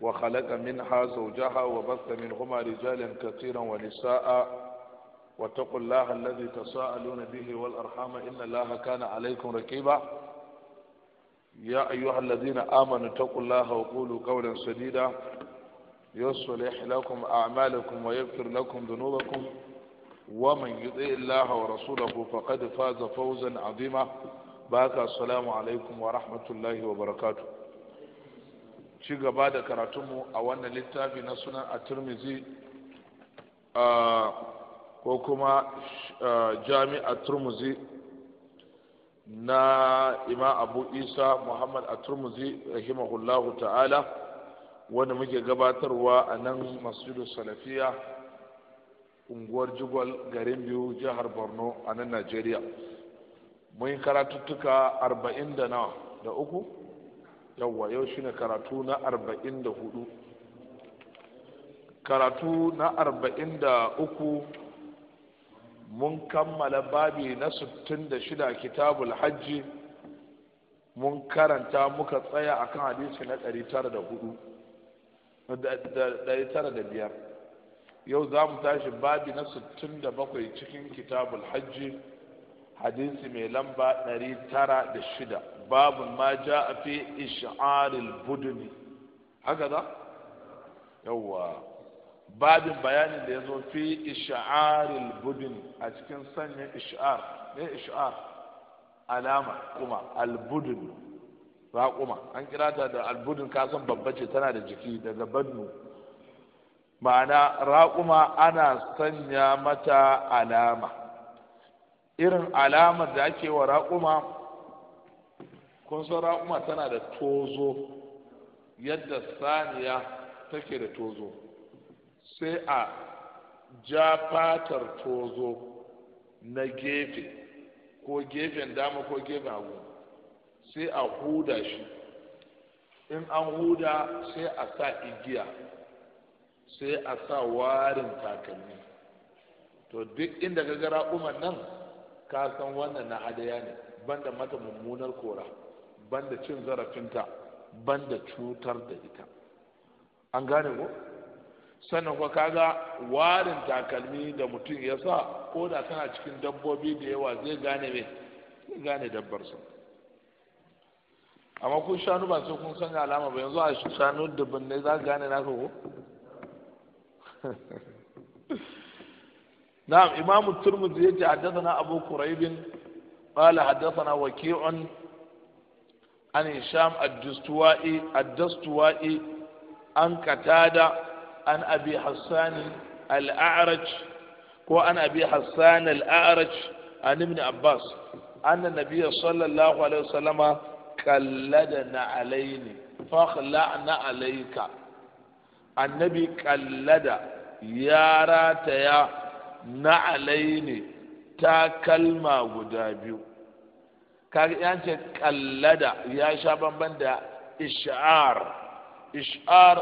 وخلق منها زوجها وبث منهما رجالا كثيرا ونساء واتقوا الله الذي تساءلون به والأرحام إن الله كان عليكم ركيبا يا أيها الذين آمنوا اتقوا الله وقولوا قولا سديدا يصلح لكم أعمالكم ويغفر لكم ذنوبكم ومن يطع الله ورسوله فقد فاز فوزا عظيما باك السلام عليكم ورحمة الله وبركاته ci gaba da karatunmu a wannan littafi na sunan a turmizi ko kuma jami'a turmuzi na ima abu isa muhammad a turmuzi rahimahullahu ta'ala wanda muke gabatarwa a nan masjidu salafiya unguwar jigwal garin biyu jihar borno a nan najeriya mun yi karatuttuka arba'in da nawa da uku yawwa yau shine karatu na arba'in da hudu karatu na arba'in da uku mun kammala babi na sittin da shida kitabul hajji mun karanta muka tsaya akan hadisi na ɗari tara da hudu ɗari tara da biyar yau za mu tashi babi na sittin da bakwai cikin kitabul hajji hadisi mai lamba ɗari tara da shida babun ma ja a fi ish'aril buduni haka za yawwa babin bayanin da ya zo fi ish'aril buduni a cikin sanya ish'ar ne ish'ar alama kuma albudun raƙuma an kira ta da albudun kasan babba ce tana da jiki daga badnu ma'ana raƙuma ana sanya mata alama irin alamar da ake wa raƙuma kun san ra'uma tana da tozo yadda saniya take da tozo sai a ja fatar tozo na gefe ko gefen dama ko gefen hagu sai a huda shi in an huda sai a sa igiya sai a sa warin takalmi to duk inda ga raƙuman nan kasan wannan na hadaya ne banda mata mummunar kora banda cin zarafinta banda cutar da ita an gane ko sannan kuwa kaga warin takalmi da mutum ya sa ko da tana cikin dabbobi da yawa zai gane me zai gane dabbarsa amma kun shanu ba sai kun san alama ba yanzu a shanu dubin ne za ka gane naka ko na imamu turmuzi haddasa na abu quraib qala haddathana waki'un عن هشام الدستوائي الدستوائي عن قتادة عن أبي حسان الأعرج وعن أبي حسان الأعرج عن ابن عباس أن النبي صلى الله عليه وسلم قلدنا علينا فخلعنا عليك annabi kallada ya rataya na alaini ta kalma guda biyu kaga ya ce kallada ya sha bamban da ish'ar ish'ar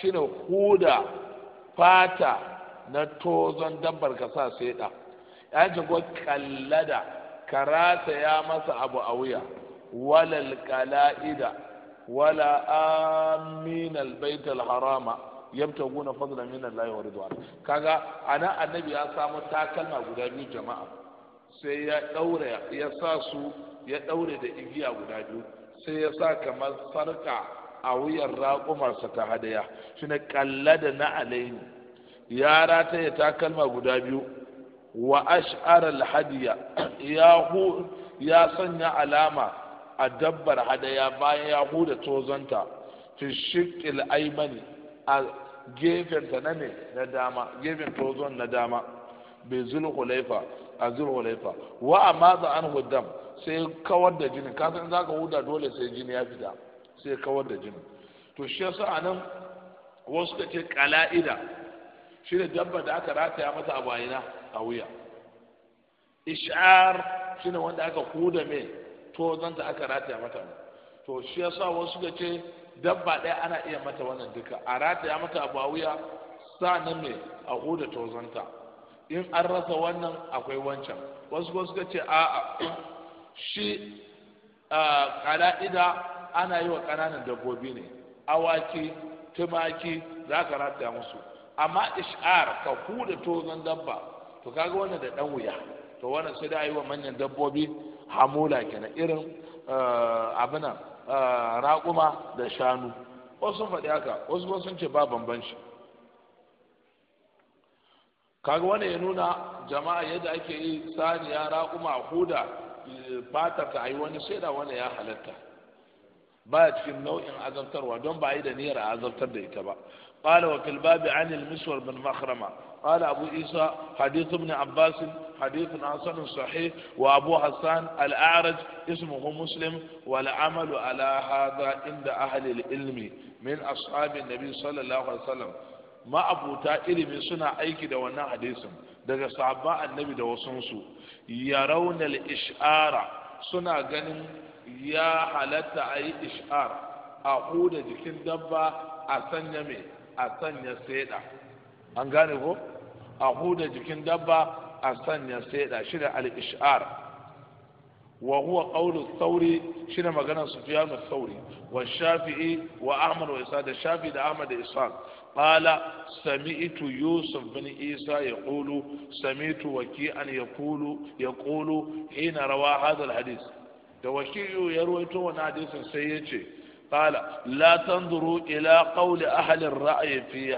shine huda fata na tozon dabbar ka sa sai da ya ce ko kallada karata ya masa abu a wuya walal kala'ida wala amin harama alharama guna fadlan min Allah wa ridwan kaga ana annabi ya samu takalma guda biyu jama'a sai ya daura ya sa su ya ɗaure da igiya guda biyu sai ya sa kamar sarka a wuyan raƙumarsa ta hadaya shi ne kalla da na alaini ya rata ya takalma guda biyu wa ash'aral hadiya ya ya sanya alama a dabbar hadaya bayan ya huda tozonta fi shiqqil aymani a gefen ta na na dama gefen tozon na dama bi zulhulaifa a zulhulaifa wa amaza an huddam sai kawar da jini, kasan za ka huda dole sai jini ya fita sai kawar da jini. to shi yasa a nan wasu ka ce kala'ida shi ne dabba da aka rataya mata a bayina a wuya ishar shi ne wanda aka huda mai to zanta aka rataya mata to shi yasa wasu ka ce dabba ɗaya ana iya mata wannan duka a rataya mata a wuya sa'anan mai a huda tozanta in an rasa wannan akwai wancan wasu wasu ka ce a'a shi kala'ida ana yi wa ƙananan dabbobi ne awaki tumaki za ka rataya musu amma ish'ar ka huda tozon dabba to kaga wani da ɗan wuya to wannan sai da yi wa manyan dabbobi hamula kenan irin abinan raƙuma da shanu wasu sun faɗi haka wasu sun ce ba bambanci kaga wani ya nuna jama'a yadda ake yi saniya raƙuma huda fatar ta a yi wani shaida wani ya halatta ba cikin nau'in azabtarwa don ba yi da niyyar azabtar da ita ba قال وفي الباب عن المسور بن مخرمة قال أبو عيسى حديث ابن عباس حديث حسن صحيح وأبو حسان الأعرج اسمه مسلم والعمل على هذا عند أهل العلم من أصحاب النبي صلى الله عليه وسلم ما أبو تائر من سنة أيك دوانا حديثا دقى صحابة النبي دوسنسو yarawna al-ish'ara suna ganin ya halatta a yi ish'ar a huda jikin dabba a sanya mai a sanya seda an gane ko a huda jikin dabba a sanya seda shi da al-ish'ar wa huwa qawlu thawri shi ne maganar sufyan al-thawri wa shafi'i wa ahmad wa isa da shafi da ahmad da Isa. قال سمعت Yusuf bin Isa يقول سمعت وكيعا يقول يقول حين روى هذا da wakiyu ya wani hadisin sai ya ce qala la tanzuru ila qawli ahli ar-ra'yi fi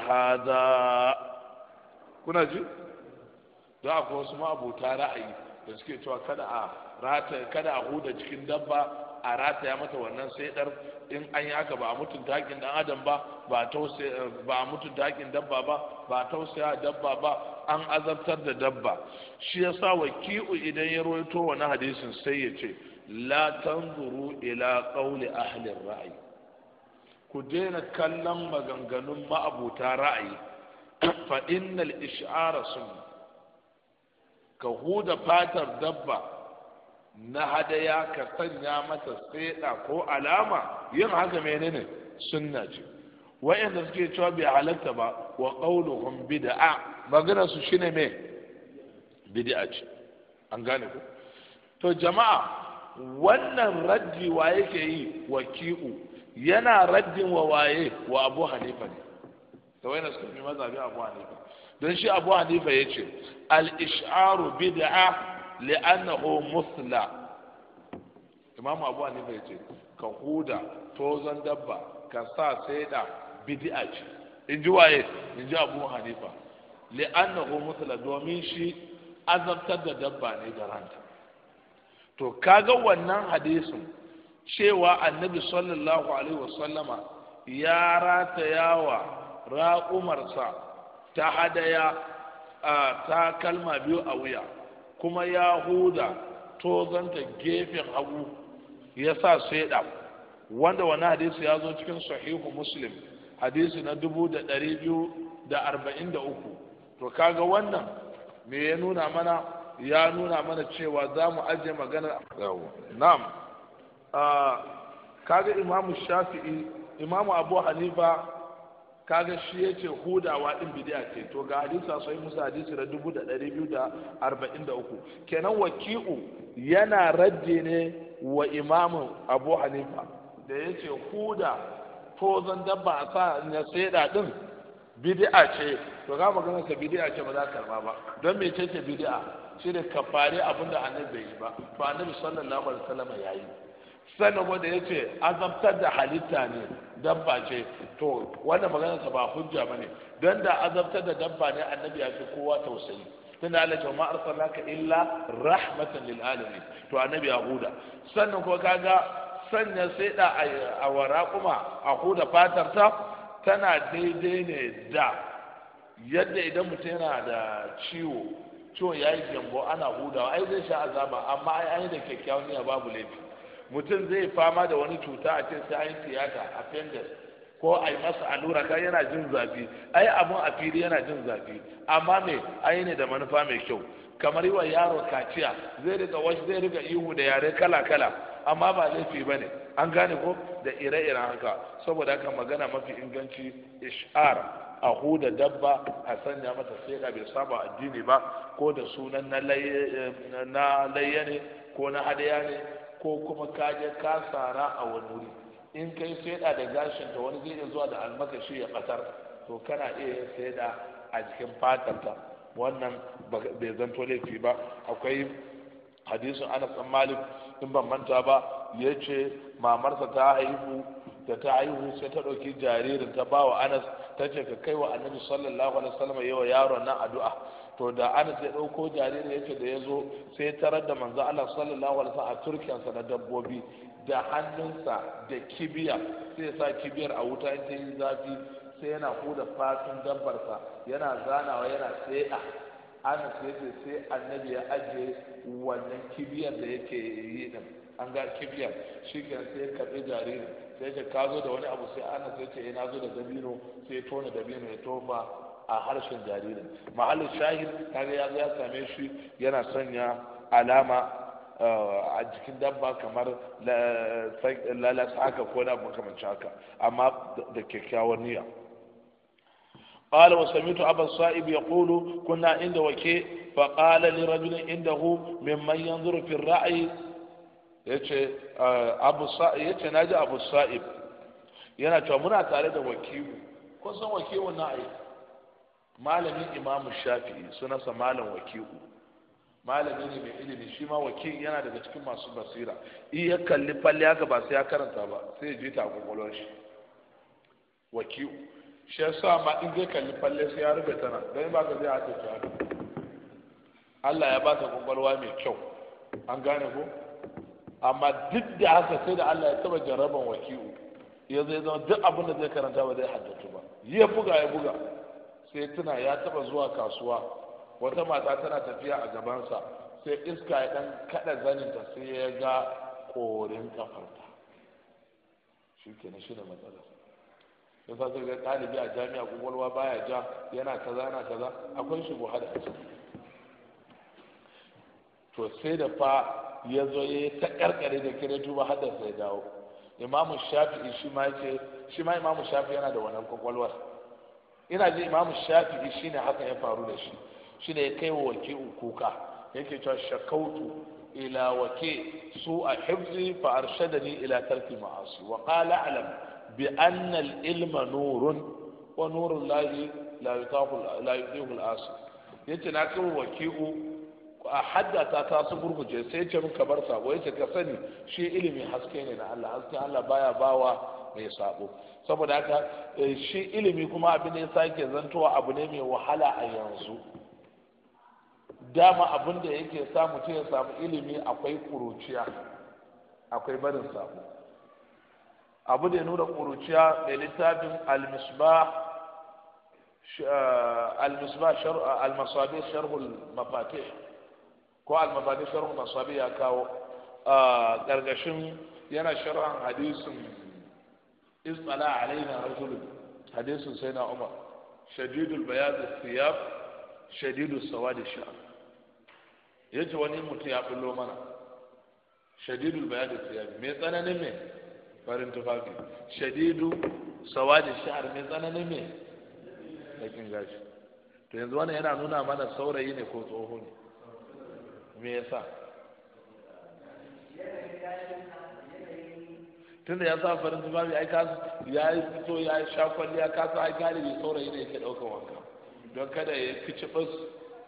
kuna ji da akwai wasu ma'abuta ra'ayi da suke cewa kada a rata kada a huda cikin dabba a rataya mata wannan saidar in an yi haka ba a mutun takin dan adam ba ba a mutun takin dabba ba ba a tausaya dabba ba an azabtar da dabba shi yasa waki'u idan ya rawaito wani hadisin sai ya ce la tanzuru ila qauli ahli ra'ayi ku daina kallon maganganun ma'abuta ra'ayi fa innal ish'ara sun ka huda fatar dabba na hadaya ka sanya masa tseda ko alama yin haka menene sunna ce wa'anda suke cewa bai halatta ba wa qauluhum bid'a magana su shine me bid'a ce an gane ku to jama'a wannan raddi wa yake yi wa yana raddin wa waye wa Abu Hanifa ne to wayna suke fi mazhabi Abu Hanifa don shi Abu Hanifa yace al-ish'aru bid'a le li'annahu musla imamu abu hanifa ya ce ka huda tozon dabba ka sa sai da saida a ce in ji waye in ji abu hanifa le li'annahu musla domin shi azabtar da dabba ne da ranta to ga wannan hadisin cewa annabi sallallahu alaihi wasallama ya ratayawa raƙumarsa ta hadaya ta kalma biyu a wuya kuma ya huda tozanta gefen hagu ya sa sheda wanda wani hadisi ya zo cikin sahihu muslim hadisi na dubu da ɗari biyu da arba'in da uku to kaga wannan me ya nuna mana ya nuna mana cewa za mu ajiye maganar na'am ah, kaga imamu shafi'i imamu abu hanifa kaga shi ya ce hudawa ɗin bidiya ce to ga hadisa sai musa hadisi da da da ɗari biyu arba'in uku. kenan waki'u yana radde ne wa imamin abu hanifa da ya ce huda tozon dabba a sa na saida ɗin bidiya ce to ga magana ka bidiya ce ba za ka karba ba don me ce ce bidiya shi da fari abinda annabi bai yi ba to annabi sallallahu alaihi wasallam yi. sannan wanda ya ce azabtar da halitta ne dabba ce to wanda maganarsa ba hujja ba ne don da azabtar da dabba ne annabi ya fi kowa tausayi tun da alaƙa ma arsalaka illa rahmatan lil alami to annabi ya huda sannan ko kaga sanya sai da a wara kuma a huda fatar ta tana daidai ne da yadda idan mutum yana da ciwo ciwon ya yi gyambo ana hudawa ai zai sha azaba amma ai da kyakkyawan niyya babu laifi mutum zai fama da wani cuta a cikin sai an tiyata appendix ko a yi masa allura kan yana jin zafi ai abun a fili yana jin zafi amma me ai ne da manufa mai kyau kamar yi wa yaro kaciya zai riga wasu zai riga ihu da yare kala kala amma ba laifi ba ne an gane ko da ire-iren haka saboda haka magana mafi inganci ish'ar a huda dabba a sanya mata sai bai saba addini ba ko da sunan na eh, layya ne ko na hadaya ne ko kuma ka je ka sara a wani wuri in kai feda da gashin ta wani zai zuwa da almakashi ya katar to kana iya yin da a jikin fatarta wannan bai zanto laifi ba akwai hadisin anas dan malik in ban manta ba yace ce mamarsa ta haihu da ta haihu sai ta ɗauki jaririn ta bawa anas ta ka kai wa annabi sallallahu alaihi wasallam yawa yaro na addu'a to da ana ya ɗauko jariri yake da ya zo sai ya tarar da manzo Allah sallallahu alaihi wasallam a na dabbobi da hannunsa da kibiya sai ya sa kibiyar a wuta in ta yi zafi sai yana huda fatun dabbarsa yana zanawa yana tseda anas ya ce sai annabi ya ajiye wannan kibiyar da yake yi din an ga kibiyar shi sai ya karɓi jaririn sai ya ce ka zo da wani abu sai anas ya ce ina eh, zo da dabino sai ya tona dabino ya tofa a harshen jaririn mahallin shahid kaga ya ya same shi yana sanya alama eh, a jikin dabba kamar eh, lalas haka ko na makamanci haka amma da kyakkyawar niyya قال وسمعت أبا الصائب يقول كنا عند وكي فقال لرجل عنده ممن ينظر في الرأي yace eh, abu yace naji abu sa'ib yana cewa muna tare da wakilu kun san wakilun na aiki malamin imamu shafi'i sunansa malam waki'u malami ne mai ilimi shi ma wakil yana daga cikin masu basira in ya kalli falle haka ba sai ya karanta ba sai ya je ta kwakwalwar shi wakil shi yasa ma in zai kalli falle sai ya rufe nan don ba ka zai haka ta Allah ya ba ta kwakwalwa mai kyau an gane ko amma duk da haka sai da Allah ya taba jaraban wakilu ya zai zama duk abin da zai karanta ba zai haddatu ba ya buga ya buga sai tuna ya taba zuwa kasuwa wata mata tana tafiya a gabansa sai iska ya dan kada zaninta sai ya ga korin kafarta shi ke na shi da matsalar ya sa sai ga ɗalibi a jami'a kwakwalwa baya ja yana kaza yana kaza akwai shi buhari a ciki to sai da fa ya zo ya ta karkare da kire tuba hada sai dawo imamu shafi'i shi ma yake shi ma imamu shafi'i yana da wannan kwakwalwar ina ji imam shafi'i shine haka ya faru da shi shine ya kai wa wake kuka yake cewa shakautu ila wake su a hifzi fa arshadani ila tarki ma'asi wa qala alam bi anna al ilma nurun wa nurul lahi la yutahu la yudihu al asi yace na kai waki'u a haddata ta su gurguje sai ce muka bar sabo yace ka sani shi ilimi haske ne na Allah haske Allah baya bawa mai sabo saboda haka eh, shi ilimi kuma abin da ya sake zantowa abu ne mai wahala a yanzu dama abin da yake sa mutum ya samu ilimi akwai kuruciya akwai barin sabo abu da ya nuna kuruciya mai littafin almisba المصباح شر المصابيح شرح ko al-mafadi sharh masabi ya kawo eh, gargashin yana sharhan hadisin isala alaina rajulun hadisin sai na umar shadidul bayaz thiyab shadidus sawad sha'r yace wani mutum ya bullo mana shadidul bayaz thiyab me tsananin me farin tufafi shadidu sawad sha'r me tsananin me lakin gashi to yanzu wannan yana nuna mana saurayi ne ko tsoho ne me yasa tunda ya sa farin tufafi ai ya yi fito ya yi shafalli ya kasu ai galibi saurayi ne yake ɗaukar wanka don kada ya fice bas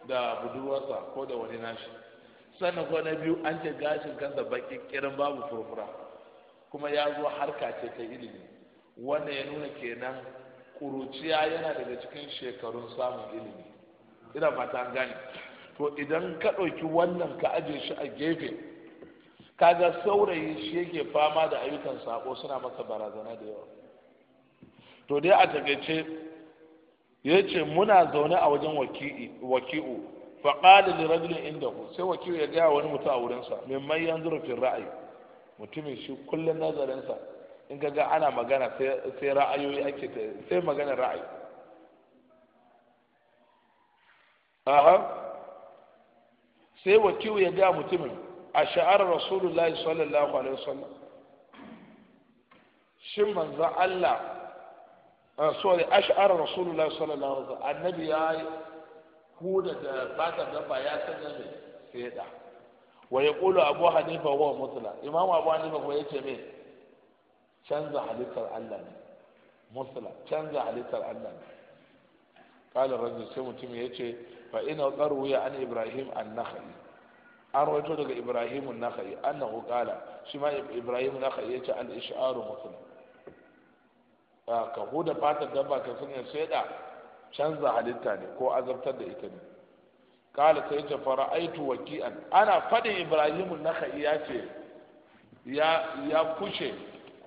da budurwarsa ko da wani nashi sannan ko na biyu an ce gashin kansa baki kirin babu furfura kuma ya zo harka ce ta ilimi wannan ya nuna kenan kuruciya yana daga cikin shekarun samun ilimi ina mata an gane to idan ka ɗauki wannan ka ajiye shi a gefe kaga saurayi shi yake fama da ayyukan sako suna maka barazana da yawa to dai a takaice ya ce muna zaune a wajen waki'u faƙali da rajulun inda ku sai waki'u ya gaya wani mutum a wurinsa mimman yan zurfin ra'ayi mutumin shi kullum nazarinsa in ka ga ana magana sai ra'ayoyi ake ta sai magana ra'ayi aha sai waki'u ya gaya mutumin أشعر رسول الله صلى الله عليه وسلم شم من ذا الله آه، sorry أشعر رسول الله صلى الله عليه وسلم النبي آي هو دا بعد دا بياس النبي سيدا ويقول أبو حنيفة هو مطلع إمام أبو حنيفة هو يتمين شنز حديث الله مطلع شنز حديث الله قال الرجل سيمو تيمي يتي فإن أقروا عن إبراهيم النخلي an rawaito daga ibrahim nakhai annahu qala shi ma ibrahim nakhai yace al isharu muslim ah, ka huda fatar dabba ka sanya sheda canza halitta ne ko azabtar da ita ne qala sai yace fara'aitu waki'an ana fadin ibrahim nakhai yace ya ya kushe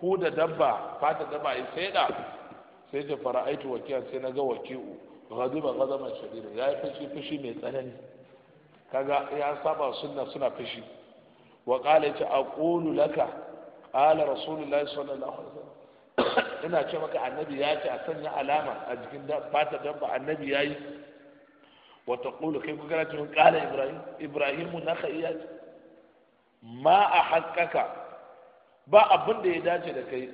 huda dabba fatar dabba ya sheda sai yace fara'aitu waki'an sai na ga waki'u ghadiba ghadaban shadida yi fushi fushi mai tsanani kaga ya saba sunna suna fashi wa qala ta aqulu laka qala rasulullahi sallallahu alaihi wasallam ina ce maka annabi ya ce a sanya alama a jikin da fata ba annabi yayi wa taqulu kai kuka ce qala ibrahim ibrahim na iya ma a ba abin da ya dace da kai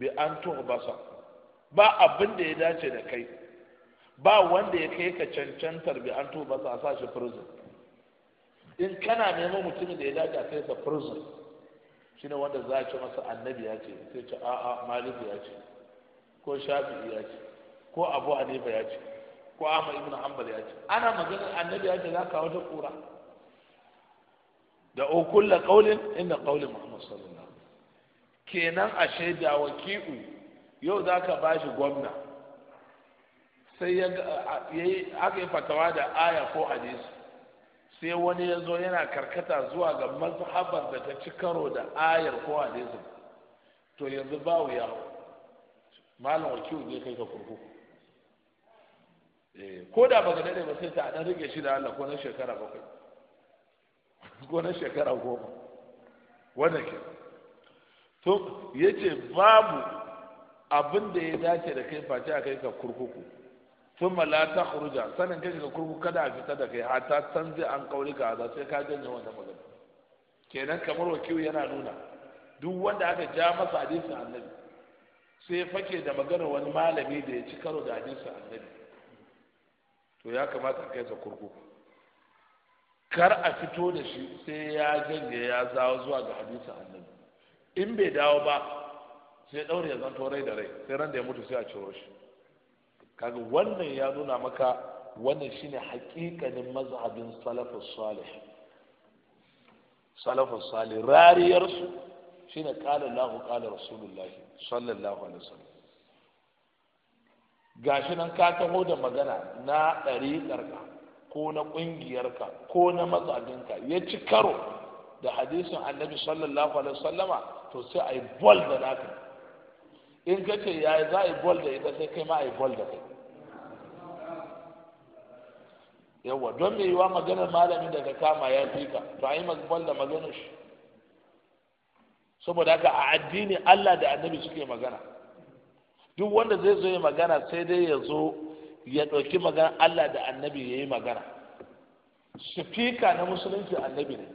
bi an tuhu basa ba abin da ya dace da kai ba wanda ya kai ka cancantar bi an tuba sa sa shi prison in kana neman mutumin da ya dace a kai sa prison shine wanda za a ce masa annabi ya ce sai ce a'a maliku ya ce ko shafi ya ce ko abu hanifa ya ce ko ahmad ibn hanbal ya ce ana magana annabi ya ce za ka wata kura da ukulla qaulin inna qauli muhammad sallallahu alaihi wasallam kenan ashe da ki'u yau zaka bashi gwamna sai ya yi aka yi fatawa da aya ko hadisi sai wani ya zo yana karkata zuwa ga mazhabar da ta ci karo da ayar ko hadisin to yanzu ba wuya malam wakilu ne kai ka kurkuku eh, ko da ba daɗe ba sai ta dan rike shi da Allah ko na shekara bakwai ko na shekara goma wannan ke to yace babu abin da ya dace da kai face a kai ka kurkuku Sun thumma la takhruja sanin ka shiga kurkuku kada a fita da kai san zai an kaulika za sai ka janye wannan magana kenan kamar wakiyu yana nuna duk wanda aka ja masa hadisin annabi sai fake da magana wani malami da ya ci karo da hadisin annabi to ya kamata kai sa kurkuku kar a fito da shi sai ya janye ya zawo zuwa ga hadisin annabi in bai dawo ba sai daure ya zanto rai da rai sai ran da ya mutu sai a ciro shi kaga wannan ya nuna maka wannan shine hakikanin mazhabin salafus salih salafus salih rariyar su shine qala Allahu qala rasulullahi sallallahu alaihi wasallam gashi nan ka taho da magana na ɗariƙarka ko na ƙungiyarka ko na mazhabinka ya ci karo da hadisin annabi sallallahu alaihi wasallama to sai a yi bol da naka in ka ce ya za a yi bol da ita sai kai ma a yi bol da kai Yawwa don me yiwa maganar malamin da ka kama ya fi ka to a yi magwal da maganar shi saboda haka a addini Allah da annabi suke magana duk wanda zai zo ya magana sai dai ya zo ya ɗauki magana Allah da annabi ya yi magana sifika na musulunci annabi ne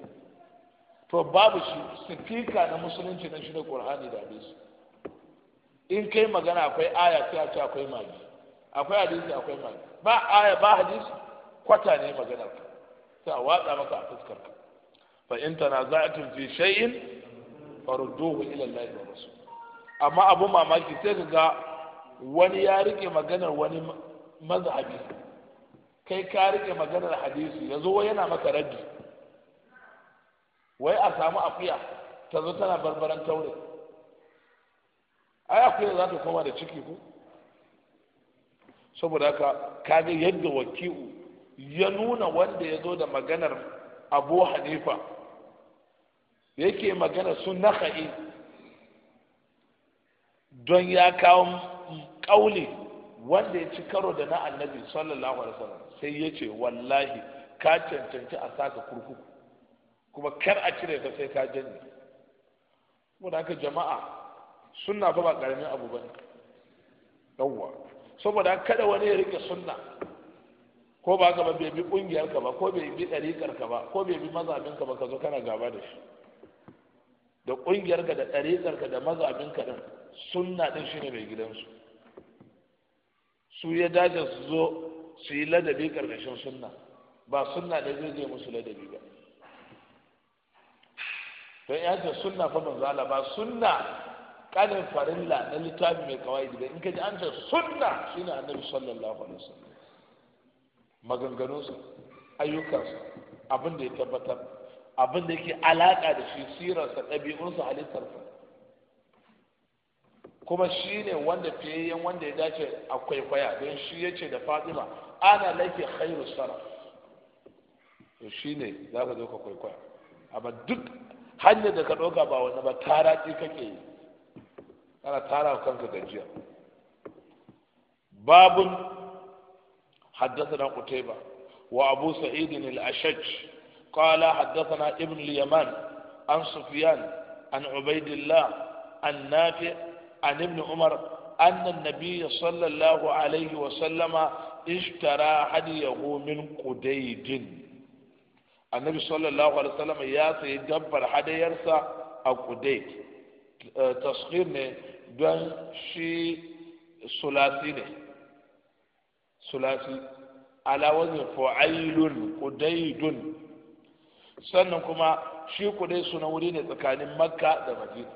to babu shi sifika na musulunci na shi da ƙur'ani da hadisi in kai magana akwai aya sai a ce akwai magi akwai hadisi akwai magi ba aya ba hadisi kwata ne maganar ka sai a watsa maka a fuskar ka fa in tanaza'tum fi shay'in farudduhu ila Allah wa rasul amma abu mamaki sai ka ga wani ya rike maganar wani mazhabi kai ka rike maganar hadisi yazo wai yana maka raddi wai a samu akuya ta zo tana barbaran taure ai akuya za ta koma da ciki ko saboda haka ka ga yadda waki'u ya nuna wanda ya zo da maganar abu hanifa yake magana su naka'i don ya kawo ƙauli wanda ya ci karo da na annabi sallallahu alaihi wasallam sai ya ce wallahi ka cancanci a saka kurkuku kuma kar a cire ka sai ka janye saboda haka jama'a sunna ba ba karamin abu bane yawwa saboda kada wani ya rike sunna ko ba ka ba bai bi kungiyar ka ba ko bai bi ɗariƙarka ka ba ko bai bi mazabin ka ba ka zo kana gaba da shi da kungiyar ka da ɗariƙarka ka da mazabin ka din sunna shi shine mai gidansu su ya dace su zo su yi ladabi ƙarƙashin sunna ba sunna ɗin zai je musu ladabi ba don ya ce sunna fa ban zala ba sunna kanin farilla na littafi mai kawai da in ka ji an ce sunna shine annabi sallallahu alaihi wasallam maganganunsa ayyukansa abin da ya tabbatar abin da yake alaka da shi sirarsa ɗabi'unsa halittarsa kuma shi ne wanda fiyayyen wanda ya dace a kwaikwaya don shi ya ce da fatima ana laifi khairu sara. to shi ne za ka zo ka kwaikwaya amma duk hanyar da ka ɗauka ba wani ba tara ɗi kake yi kana tara kanka gajiya babun حدثنا قتيبة وأبو سعيد الأشج قال حدثنا ابن اليمان عن سفيان عن عبيد الله عن نافع عن ابن عمر أن النبي صلى الله عليه وسلم اشترى هديه من قديد النبي صلى الله عليه وسلم يا سيدبر هديرسا أو قديد آه، تصغير don شي sulasi sulasi ala wazin fu'ailun qudaydun sannan kuma shi kudai suna wuri ne tsakanin makka da madina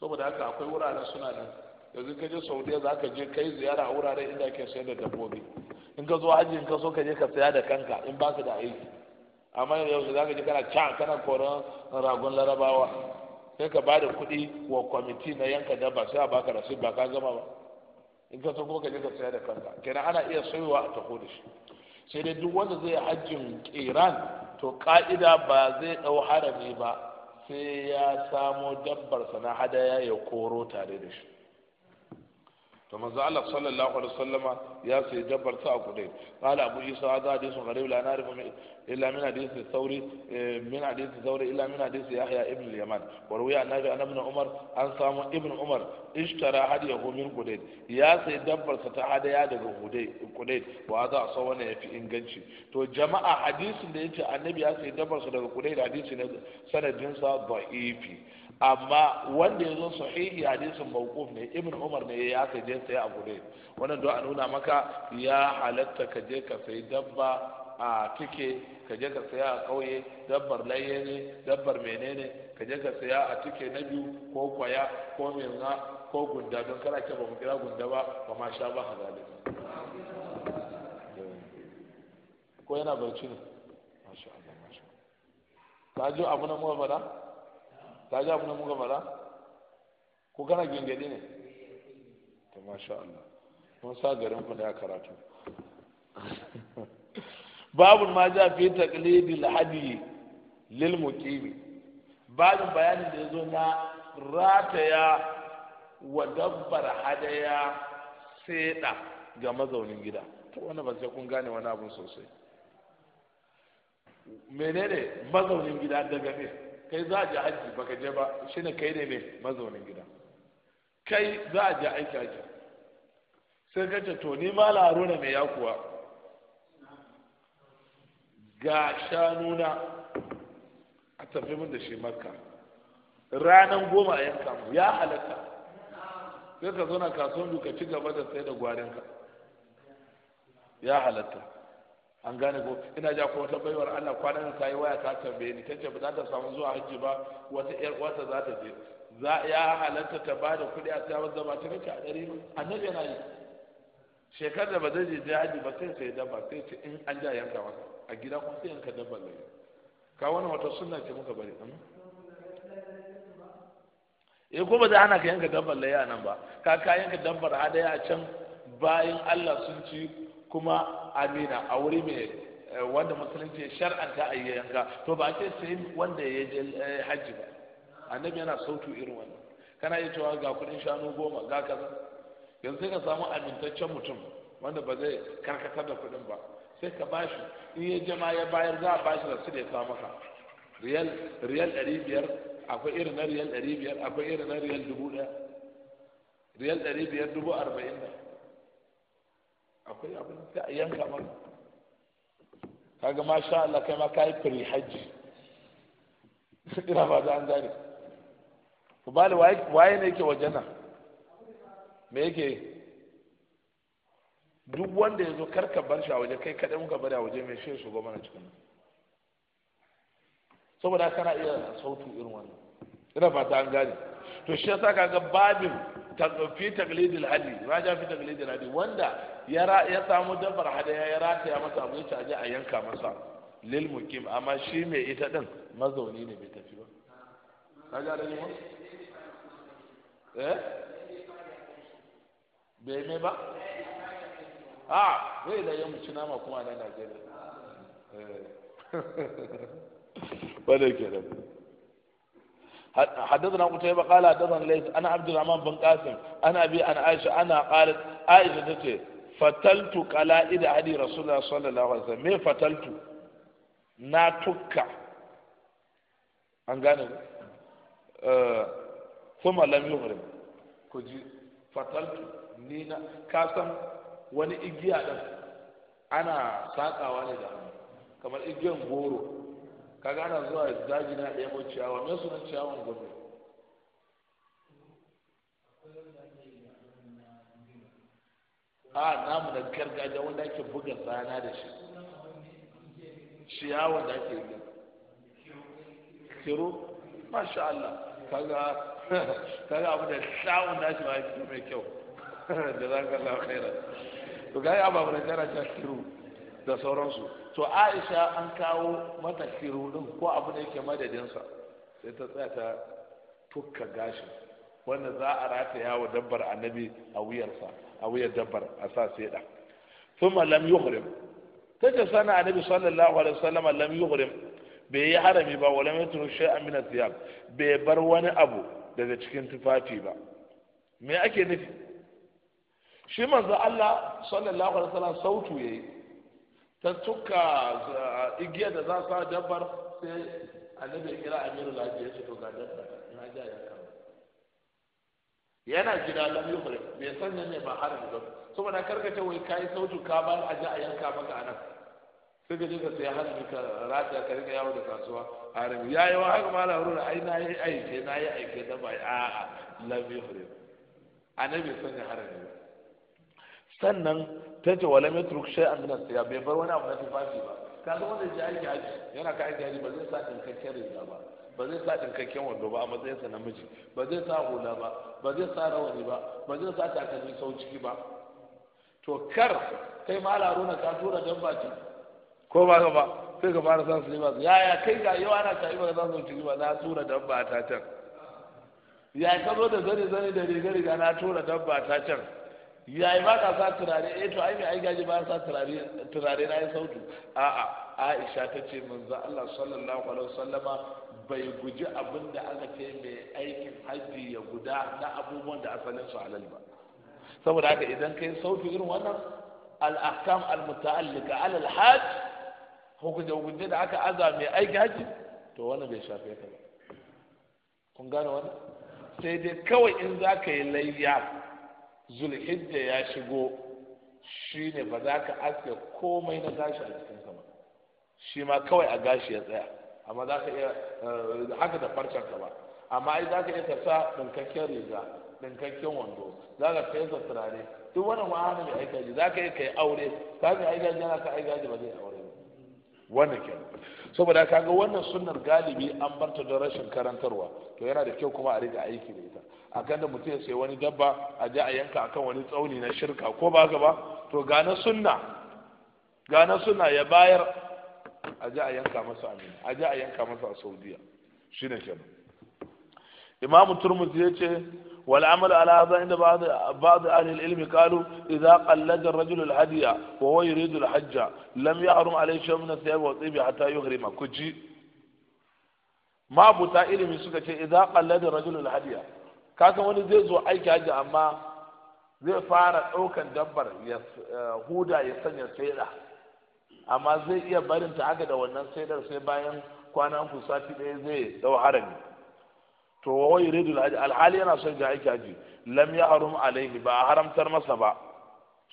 saboda haka akwai wuraren suna nan yanzu ka je saudiya za ka je kai ziyara a wuraren inda ake sayar da dabbobi in ka zo hajji in ka so ka je ka saya da kanka in baka da aiki amma yanzu za ka je kana can kana koran ragon larabawa sai ka ba da kuɗi wa kwamiti na yanka dabba sai a baka rasu ba ka gama ba in ka san kuma ka je ka saya da kanka kenan ana iya sayowa a taho da shi sai dai duk wanda zai hajjin iran to ka'ida ba zai dau harami ba sai ya samo dabbar na hadaya ya koro tare da shi فمزعلق صلى الله عليه وسلم يا سي جبر ساقدين قال ابو عيسى هذا حديث غريب لا نعرف الا من حديث الثوري من حديث الثوري الا من حديث يحيى ابن اليمن وروي عن ابن ابن عمر ان صام ابن عمر اشترى هديه من قدين يا سي جبر ستا هذا يا دغ قدين وهذا صونا في انغنشي تو جماعه حديث ده يجي النبي يا سي جبر ستا قدين حديث سند جنسه ضعيفي amma wanda ya zo sahihi hadisin mawquf ne ibn umar ne ya ka je sai abu ne wannan don a nuna maka ya halatta ka je ka sai dabba a tike ka je ka saya a kauye dabbar laye ne dabbar menene ka je ka saya a tike na biyu ko kwaya ko mirna ko gunda don kana ce ba mu kira gunda ba ba ma sha ba halalin ko yana barci ne masha Allah masha Allah ka ji abu na mu fada ka ji abin da ko kana gingadi ne to masha Allah mun sa garin ku da karatu babu ma ja fi taqlidil hadi lil muqimi babu bayanin da yazo na rataya wa dabbar hadaya seda ga mazaunin gida to wanda ba sai kun gane wani abun sosai menene mazaunin gida daga ne? kai za a je ba baka je ba shi ne kai ne ne mazaunin gida kai za a je aiki aiki sai ka to ni ma laro na mai yakuwa ga na a tafi min da shi makka ranan goma a yanka mu ya halatta sai ka zo na kasuwan ka ci gaba da sai da gwarinka ya halatta an gane ko ina ja ko wata baiwar Allah kwanan ta yi waya ta tambaye ni tace ba za ta samu zuwa hajji ba wata yar wata za ta je za ya halatta ta ba da kuɗi a tsawon zama ba ta rike a ɗari ba annabi yana yi shekar da ba zai je hajji ba sai sai dabba sai ce in an ja yanka wata a gida kuma sai yanka dabba ne ka wani wata sunna ce muka bari amma eh ko ba za ana ka yanka dabbar a nan ba ka ka yanka dabbar hadaya a can bayan Allah sun ci kuma amina a wuri mai eh, wanda musulunci ya shar'anta a yanka to ba ce sai wanda ya je eh, hajji ba annabi yana sautu irin wannan kana iya cewa ga kudin shanu goma ga kaza yanzu sai ka samu amintaccen mutum wanda ba zai karkatar da kudin ba sai ka bashi in ya jama ya bayar za a bashi da su da ya samu ka riyal riyal ɗari biyar akwai irin na riyal ɗari biyar akwai irin na riyal dubu ɗaya riyal ɗari biyar dubu arba'in da akwai abin da a yanka maka kaga masha Allah kai ma kai fari hajji ina ba da an gane ku da waye ne yake wajena me yake duk wanda ya zo karka bar shi a waje kai kaɗai muka bari a waje mai shi shigo mana cikin saboda kana iya sautu irin wannan ina ba ta an gane to shi yasa kaga babin fi taglidil hadi raja fi taglidil hadi wanda ya samu dabbar hadaya ya rataya masa abu ya a yanka masa lil mukim amma shi mai ita din mazauni ne bai tafi ba raja da ne eh bai mai ba a bai da cina nama kuma na Najeriya eh wadda ke da حدثنا قتيبة قال حدثنا ليس أنا عبد الرحمن بن قاسم أنا أبي أنا عائشة أنا قالت عائشة تتي فتلت كلائد علي رسول الله صلى الله عليه وسلم مين فتلت na tukka an gane kuma lam yuhrim ku ji fataltu ni na ka san wani igiya din ana sakawa ne da hannu kamar igiyan goro kaga ana zuwa daji na ɗaya mai ciyawa mai sunan ciyawan gwamnati a namu na gargajiya wanda ake buga rana da shi ciyawa da ake yi kiro masha Allah kaga kaga abu da shawun da shi ba mai kyau da za ka lafiya to ga ya ba mu da jara ta kiro da sauransu to aisha an kawo mata kirudin ko abu da yake madadinsa sai ta tsaya ta tukka gashin wanda za a rataya wa dabbar annabi a wuyarsa a wuyar dabbar a sa seda thumma lam yuhrim tace sana annabi sallallahu alaihi wasallam lam yuhrim bai yi harami ba wala yatru shay'an min athiyab bai bar wani abu daga cikin tufafi ba me ake nufi shi manzo Allah sallallahu alaihi wasallam sautu yayi ta tuka eh, igiyar da za sa dabbar sai annabi ya kira amiru lafiya ce to ga dabbar na ja ya kama yana jira lam yukhri bai san ne ba da ba saboda karkace wai kai sautu ka ba a ja a yanka maka anan sai ka je ka sai hannu ka rata ka rika yawo da kasuwa haram yayi wa haka mala huru ai na yi aike na yi aike da bai a a lam yukhri annabi san har da sannan ta ce wala mai turk shai an gina siya bai bar wani abu na tufafi ba kaga wanda ji aiki aiki yana ka aiki aiki ba zai sa ɗinkakken riga ba ba zai sa ɗinkakken wando ba a matsayin sa namiji ba zai sa hula ba ba zai sa rawani ba ba zai sa takalmi sau ciki ba to kar kai ma na ka tura dan baki ko ba ba sai ka fara ba ya yaya kai ga yau ana ta ba za su ciki ba na tura dan ba ta can ya ka zo da zane zane da riga riga na tura dan ba ta can yayi ba ka sa turare eh to ai mai ai gaji ba sa turare turare na yi sautu a'a Aisha ta ce manzo Allah sallallahu alaihi wasallama bai guji abin da aka ce mai aikin hajji ya guda na abubuwan da asalin su halal ba saboda haka idan kai sautu irin wannan al-ahkam al-muta'allika ala al-hajj hukunce hukunce da aka aza mai aikin hajji to wannan bai shafe ka ba kun gane wannan sai dai kawai in za ka yi layya zulhijja ya shigo shi ne ba za ka aske komai na gashi a cikin sama shi ma kawai a gashi ya tsaya amma za ka iya eh, haka da farcen ka ba amma ai za ka iya ka sa ɗinkakken riga ɗinkakken wando za ka fesa turare duk wani ma'ana mai aikaji za ka iya ka yi aure ka ga aikaji yana ka aikaji ba zai aure wannan ke saboda kaga wannan sunnar galibi an bar ta don rashin karantarwa to yana da kyau kuma a riga aiki da ita a kan da mutum ya sai wani dabba a je a yanka akan wani tsauni na shirka ko ba gaba to gane sunna gane sunna ya bayar a je a yanka masa amina a je a yanka masa a saudiya shine kenan imamu turmuzi ya ce والعمل على هذا عند بعض بعض أهل العلم قالوا إذا قلد الرجل الهدي وهو يريد الحج لم يحرم عليه شيء من الثياب والطيب حتى يحرم كجي ما بوتا علم suka ce idza qallada rajul alhadiya kaga wani zai zo aiki haji amma zai fara daukan dabbar ya huda ya sanya saida amma zai iya barin ta haka da wannan saidar sai bayan kwana ku sati ɗaya zai dau harami to wa wai ridul alhali yana son ya aiki haji lam ya harum alaihi ba a haramtar masa ba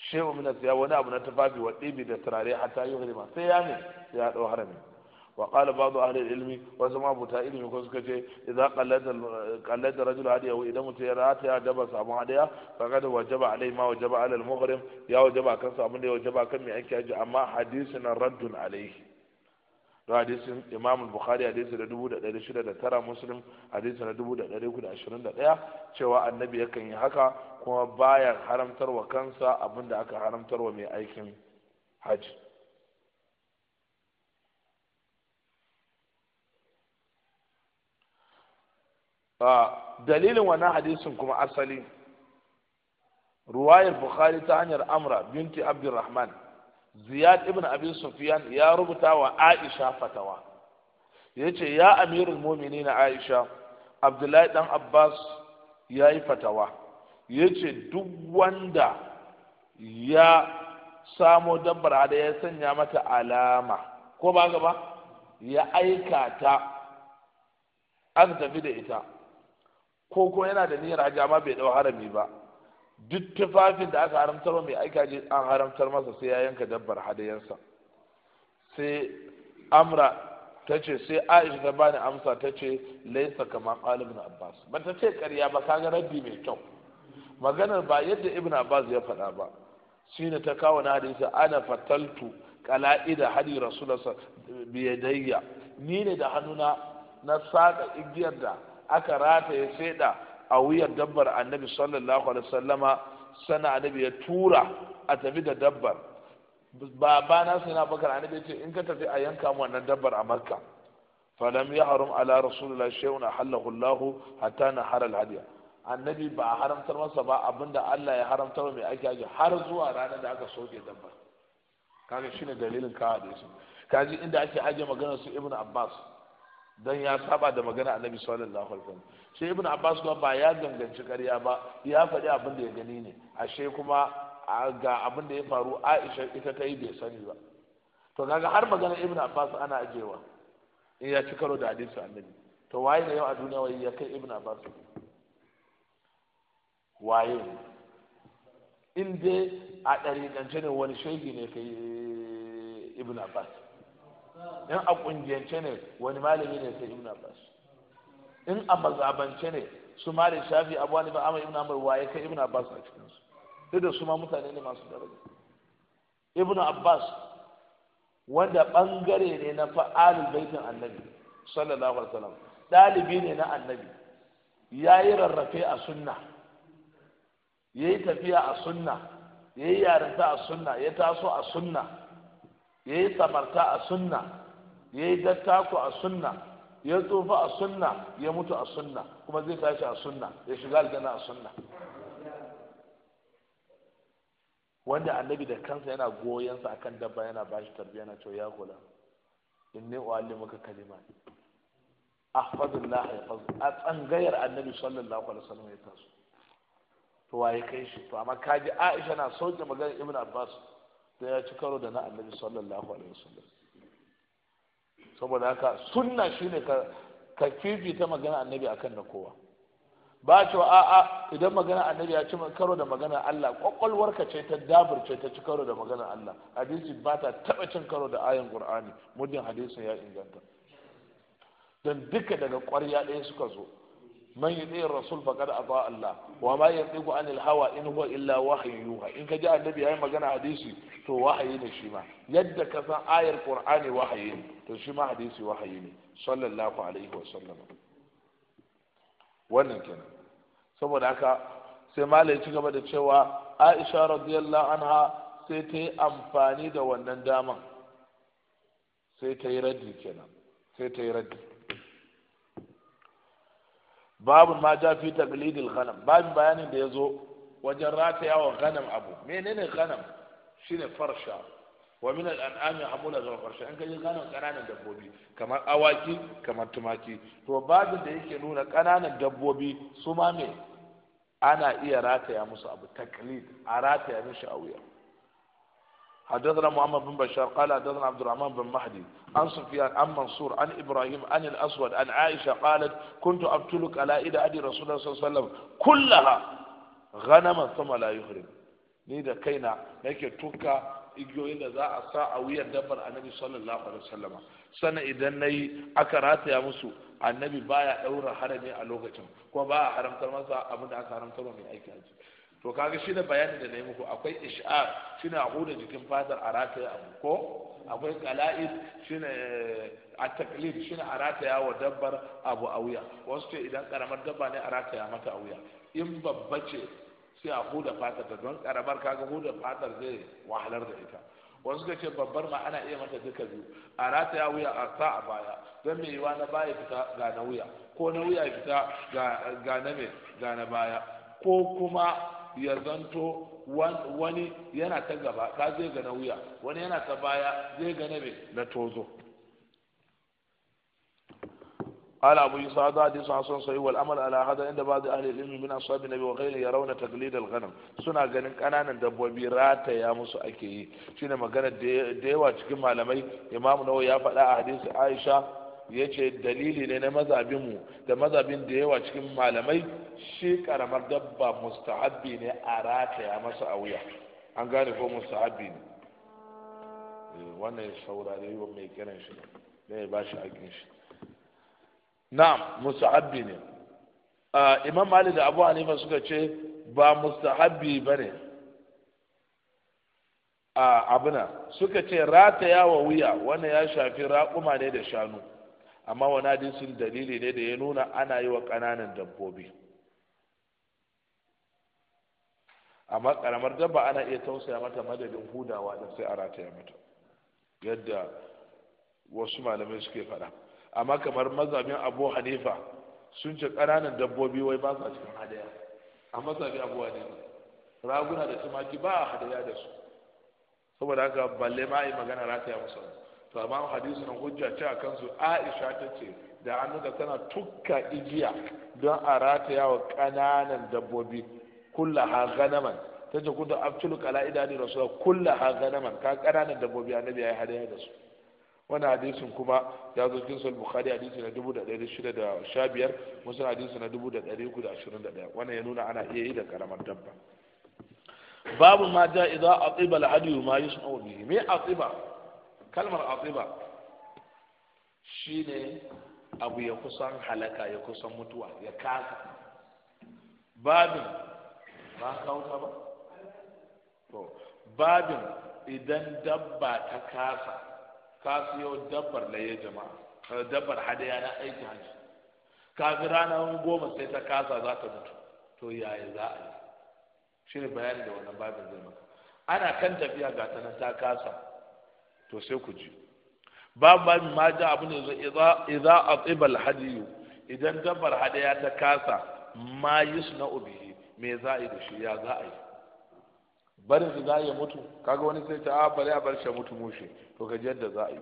shehu min ya wani abu na tafafi wa dibi da turare hatta yi harima sai ya ne ya dau harami wa qala ba'du ahli ilmi wasu ma buta ilmi ko suka ce idza qallada qallada rajul hadiyahu idan mutum ya rata ya daba sabon hadiya kada wajaba alai ma wajaba ala muhrim ya wajaba kan sabon da ya wajaba kan mai aiki haji amma hadisin raddun alaihi don hadisin imam bukhari hadisi da dubu da ɗari shida da tara muslim hadisi na dubu da ɗari da ashirin da ɗaya cewa annabi yakan yi haka kuma baya haramtarwa kansa abin da aka haramtarwa mai aikin hajji dalilin wannan hadisin kuma asali ruwayar bukhari ta hanyar amra binti abdurrahman ziyad ibn abi sufyan ya rubuta wa aisha fatawa yace ya amirul mu'minin aisha abdullahi dan abbas yayi fatawa yace duk wanda ya samo dabbar hada ya sanya mata alama ko ba gaba ya aika ta aka tafi da ita ko ko yana da niyyar hajji amma bai dau harami ba duk tufafin da aka haramtar mai aika je an haramtar masa sai ya yanka dabbar hadayensa sai amra ta ce sai aisha ta bani amsa ta ce laisa kamar Ibn abbas ba ta ce ƙarya ba kaga rabbi mai kyau maganar ba yadda ibn abbas ya faɗa ba shine ta kawo na hadisa ana fataltu qala'ida hadi rasulullah biyadayya ni ne da hannuna na saka igiyar da aka rataye da a wuyar dabbar annabi sallallahu alaihi wasallama sana annabi ya tura a tafi da dabbar baba na sai na bakar annabi ce in ka tafi a yanka mu wannan dabbar a makka falam ya harum ala rasulullah shay'un halahu allah hatta na haral hadiya annabi ba a haramtar masa ba abinda Allah ya haramtar mai ake aji har zuwa ranar da aka soke dabbar kaga shine dalilin ka hadisi kaji inda ake aje maganar su ibnu abbas don ya saba da magana annabi sallallahu alaihi wasallam shi ibn abbas kuma ba ya ganganci ƙarya ba ya faɗi abin da ya gani ne ashe kuma ga abin da ya faru aisha ita ta yi bai sani ba to kaga har magana ibn abbas ana ajewa in ya ci karo da hadisi annabi to waye ne yau a duniya wai ya kai ibn abbas waye in dai a ɗari ne wani shaidi ne kai eh, ibn abbas in a kungiyance ne wani malami ne sai ibn abbas in a mazabance ne su mali shafi abu wani ba amma ibn amr waye kai ibn abbas a cikinsu? duk da su ma mutane ne masu daraja ibn abbas wanda bangare ne na fa'alin baitin annabi sallallahu alaihi wasallam dalibi ne na annabi yayi rarrafe a sunna yayi tafiya a sunna yayi yarinta a sunna ya taso a sunna ya yi samarta a sunna ya yi dattako a sunna ya tsufa a sunna ya mutu a sunna kuma zai tashi a sunna ya shiga aljanna a sunna wanda annabi da kansa yana goyonsa akan dabba yana bashi tarbiyya yana cewa ya kula ne? uallimuka kalimat maka kalima a tsangayar annabi sallallahu alaihi wasallam ya taso to waye kai shi to amma kaji Aisha na sauke magana Ibn Abbas sai ya ci karo da na annabi sallallahu alaihi wasallam saboda haka sunna shine ka ka fifita magana annabi akan na kowa ba cewa a'a idan magana annabi ya ci karo da magana Allah kwakwalwarka ce ta dabirce ta ci karo da magana Allah hadisi ba ta taba cin karo da ayan Qur'ani muddin hadisin ya inganta dan duka daga ƙwarya ɗaya suka zo man yuti rasul faqad ata Allah wa ma yantiqu anil hawa in huwa illa wahyu yuha in ka ji annabi yayi magana hadisi to wahayi ne shi ma yadda ka san ayar qur'ani wahayi ne to shi ma hadisi ne sallallahu alaihi wa wannan kenan saboda haka sai malai ci gaba da cewa Aisha radiyallahu anha sai ta yi amfani da wannan daman sai ta yi raddi kenan sai ta yi raddi babu ma ja fi taqlidil ghanam babu bayanin da yazo wajen rataya wa ghanam abu menene ghanam shine farsha wa min al-an'am zuwa farsha an kaji ghanam kananan dabbobi kamar awaki kamar tumaki to babu da yake nuna kananan dabbobi su ma ana iya rataya musu abu taklid a rataya mishi a wuya حدثنا محمد بن بشار قال حدثنا عبد الرحمن بن مهدي عن سفيان عن منصور عن ابراهيم عن الاسود عن عائشه قالت كنت ابتلك على ايد ابي رسول الله صلى الله عليه وسلم كلها غنما ثم لا يهرم ni da kaina nake tuka igiyoyin da za a sa a wuyan dabbar annabi sallallahu alaihi wasallama sannan idan nayi aka rataya musu annabi baya daura harami a lokacin kuma ba a haramtar masa abin da aka haramtar mai aiki a to kaga shi da bayani da nemi ko akwai ish'ar shi ne a huda jikin fadar a rataya abu ko akwai kala'id shi ne eh, a taklid shi ne a rataya wa dabbar abu a wuya wasu ce idan karamar dabba ne a rataya mata a wuya in babba ce sai a huda fatar ta don karamar kaga huda fatar zai wahalar da ita wasu ga ce babbar ma ana iya mata duka biyu a rataya wuya a sa a baya don mai yiwa na baya fita ga na wuya ko na wuya fita ga na mai ga na baya ko kuma ya zanto wani yana ta gaba ka zai ga na wuya wani yana ta baya zai ga na mai na tozo قال sai wal amal ala hada inda ba da ahli ilmi min ashabi nabi wa النبي وغيره يرون al ghanam suna ganin kananan dabbobi rata ya musu ake yi shine magana da yawa cikin malamai Imam Nawawi ya faɗa a hadisi Aisha ya ce dalili ne na mazabinmu da mazabin da yawa cikin malamai shi karamar dabba mustahabbi ne a rataya masa a wuya an gane ko mustahabbi ne eh, wannan ya saurare yi wa mai kiran shi ne ya ba shi aikin shi na'am mustahabbi ne imam mali da abu hanifa suka ce ba mustahabbi ba ne a abuna suka ce rataya wa wuya wannan ya shafi raƙuma ne da shanu amma wani hadisin dalili ne da ya nuna ana yi wa ƙananan dabbobi amma ƙaramar dabba ana iya tausaya mata madadin hudawa da sai a rataya mata yadda wasu malamai suke faɗa amma kamar mazabin abu hanifa sun ce ƙananan dabbobi wai ba sa cikin hadaya a mazabin abu hanifa raguna da tumaki ba a hadaya da su saboda haka balle ma a yi magana rataya musamman to amma na hujja ce a kansu aisha ta ce da an da tana tukka igiya don a rataya wa ƙananan dabbobi kulla ha ganaman ta ce kudu abtul qala'ida ne rasul kulla ha ganaman ka ƙananan dabbobi annabi yi hadaya da su wani hadisin kuma ya zo cikin sahih bukhari hadisi na dubu da 1615 musul hadisi na 1321 wannan ya nuna ana iya yi da karamar dabba babu ma ja idza atiba al-hadi ma yusna'u bihi me atiba kalmar shi shine abu ya kusan halaka ya kusan mutuwa ya kasa babin ba kauta ba babin idan dabba ta kasa kasu yau dabbar laye jama'a dabbar hadaya na aiki hajji kafin ranar goma sai ta kasa za ta mutu to yaya za a yi shi ne bayani da wannan babin zai maka ana kan tafiya ga ta ta kasa to sai ku ji babu babin ma ja abin da idza atibal hadiyu idan dabbar hadaya ta kasa ma yusna ubihi me za a yi da shi ya za a yi barin shi za ya mutu kaga wani sai ta ah, bari a bar shi mutu mushe to ga yadda za a yi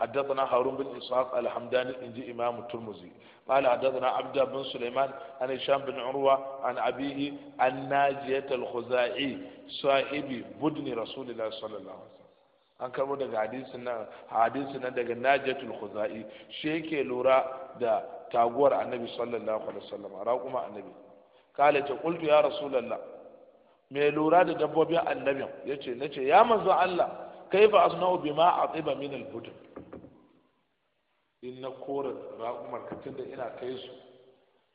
حدثنا هارون بن إسحاق الحمداني إنجي إمام الترمذي قال حدثنا عبد بن سليمان عن هشام بن عروة عن أبيه عن ناجية الخزاعي صاحب بدن رسول الله صلى الله عليه وسلم an karbo daga hadisi nan hadisi nan daga najatul khuzai shi yake lura da taguwar annabi sallallahu alaihi wasallam kuma annabi kale ta qultu ya rasulullah me lura da dabbobin annabin yace nace ya manzo Allah kaifa asna'u bima atiba min al-hudud in na kore raƙumar ka da ina kai su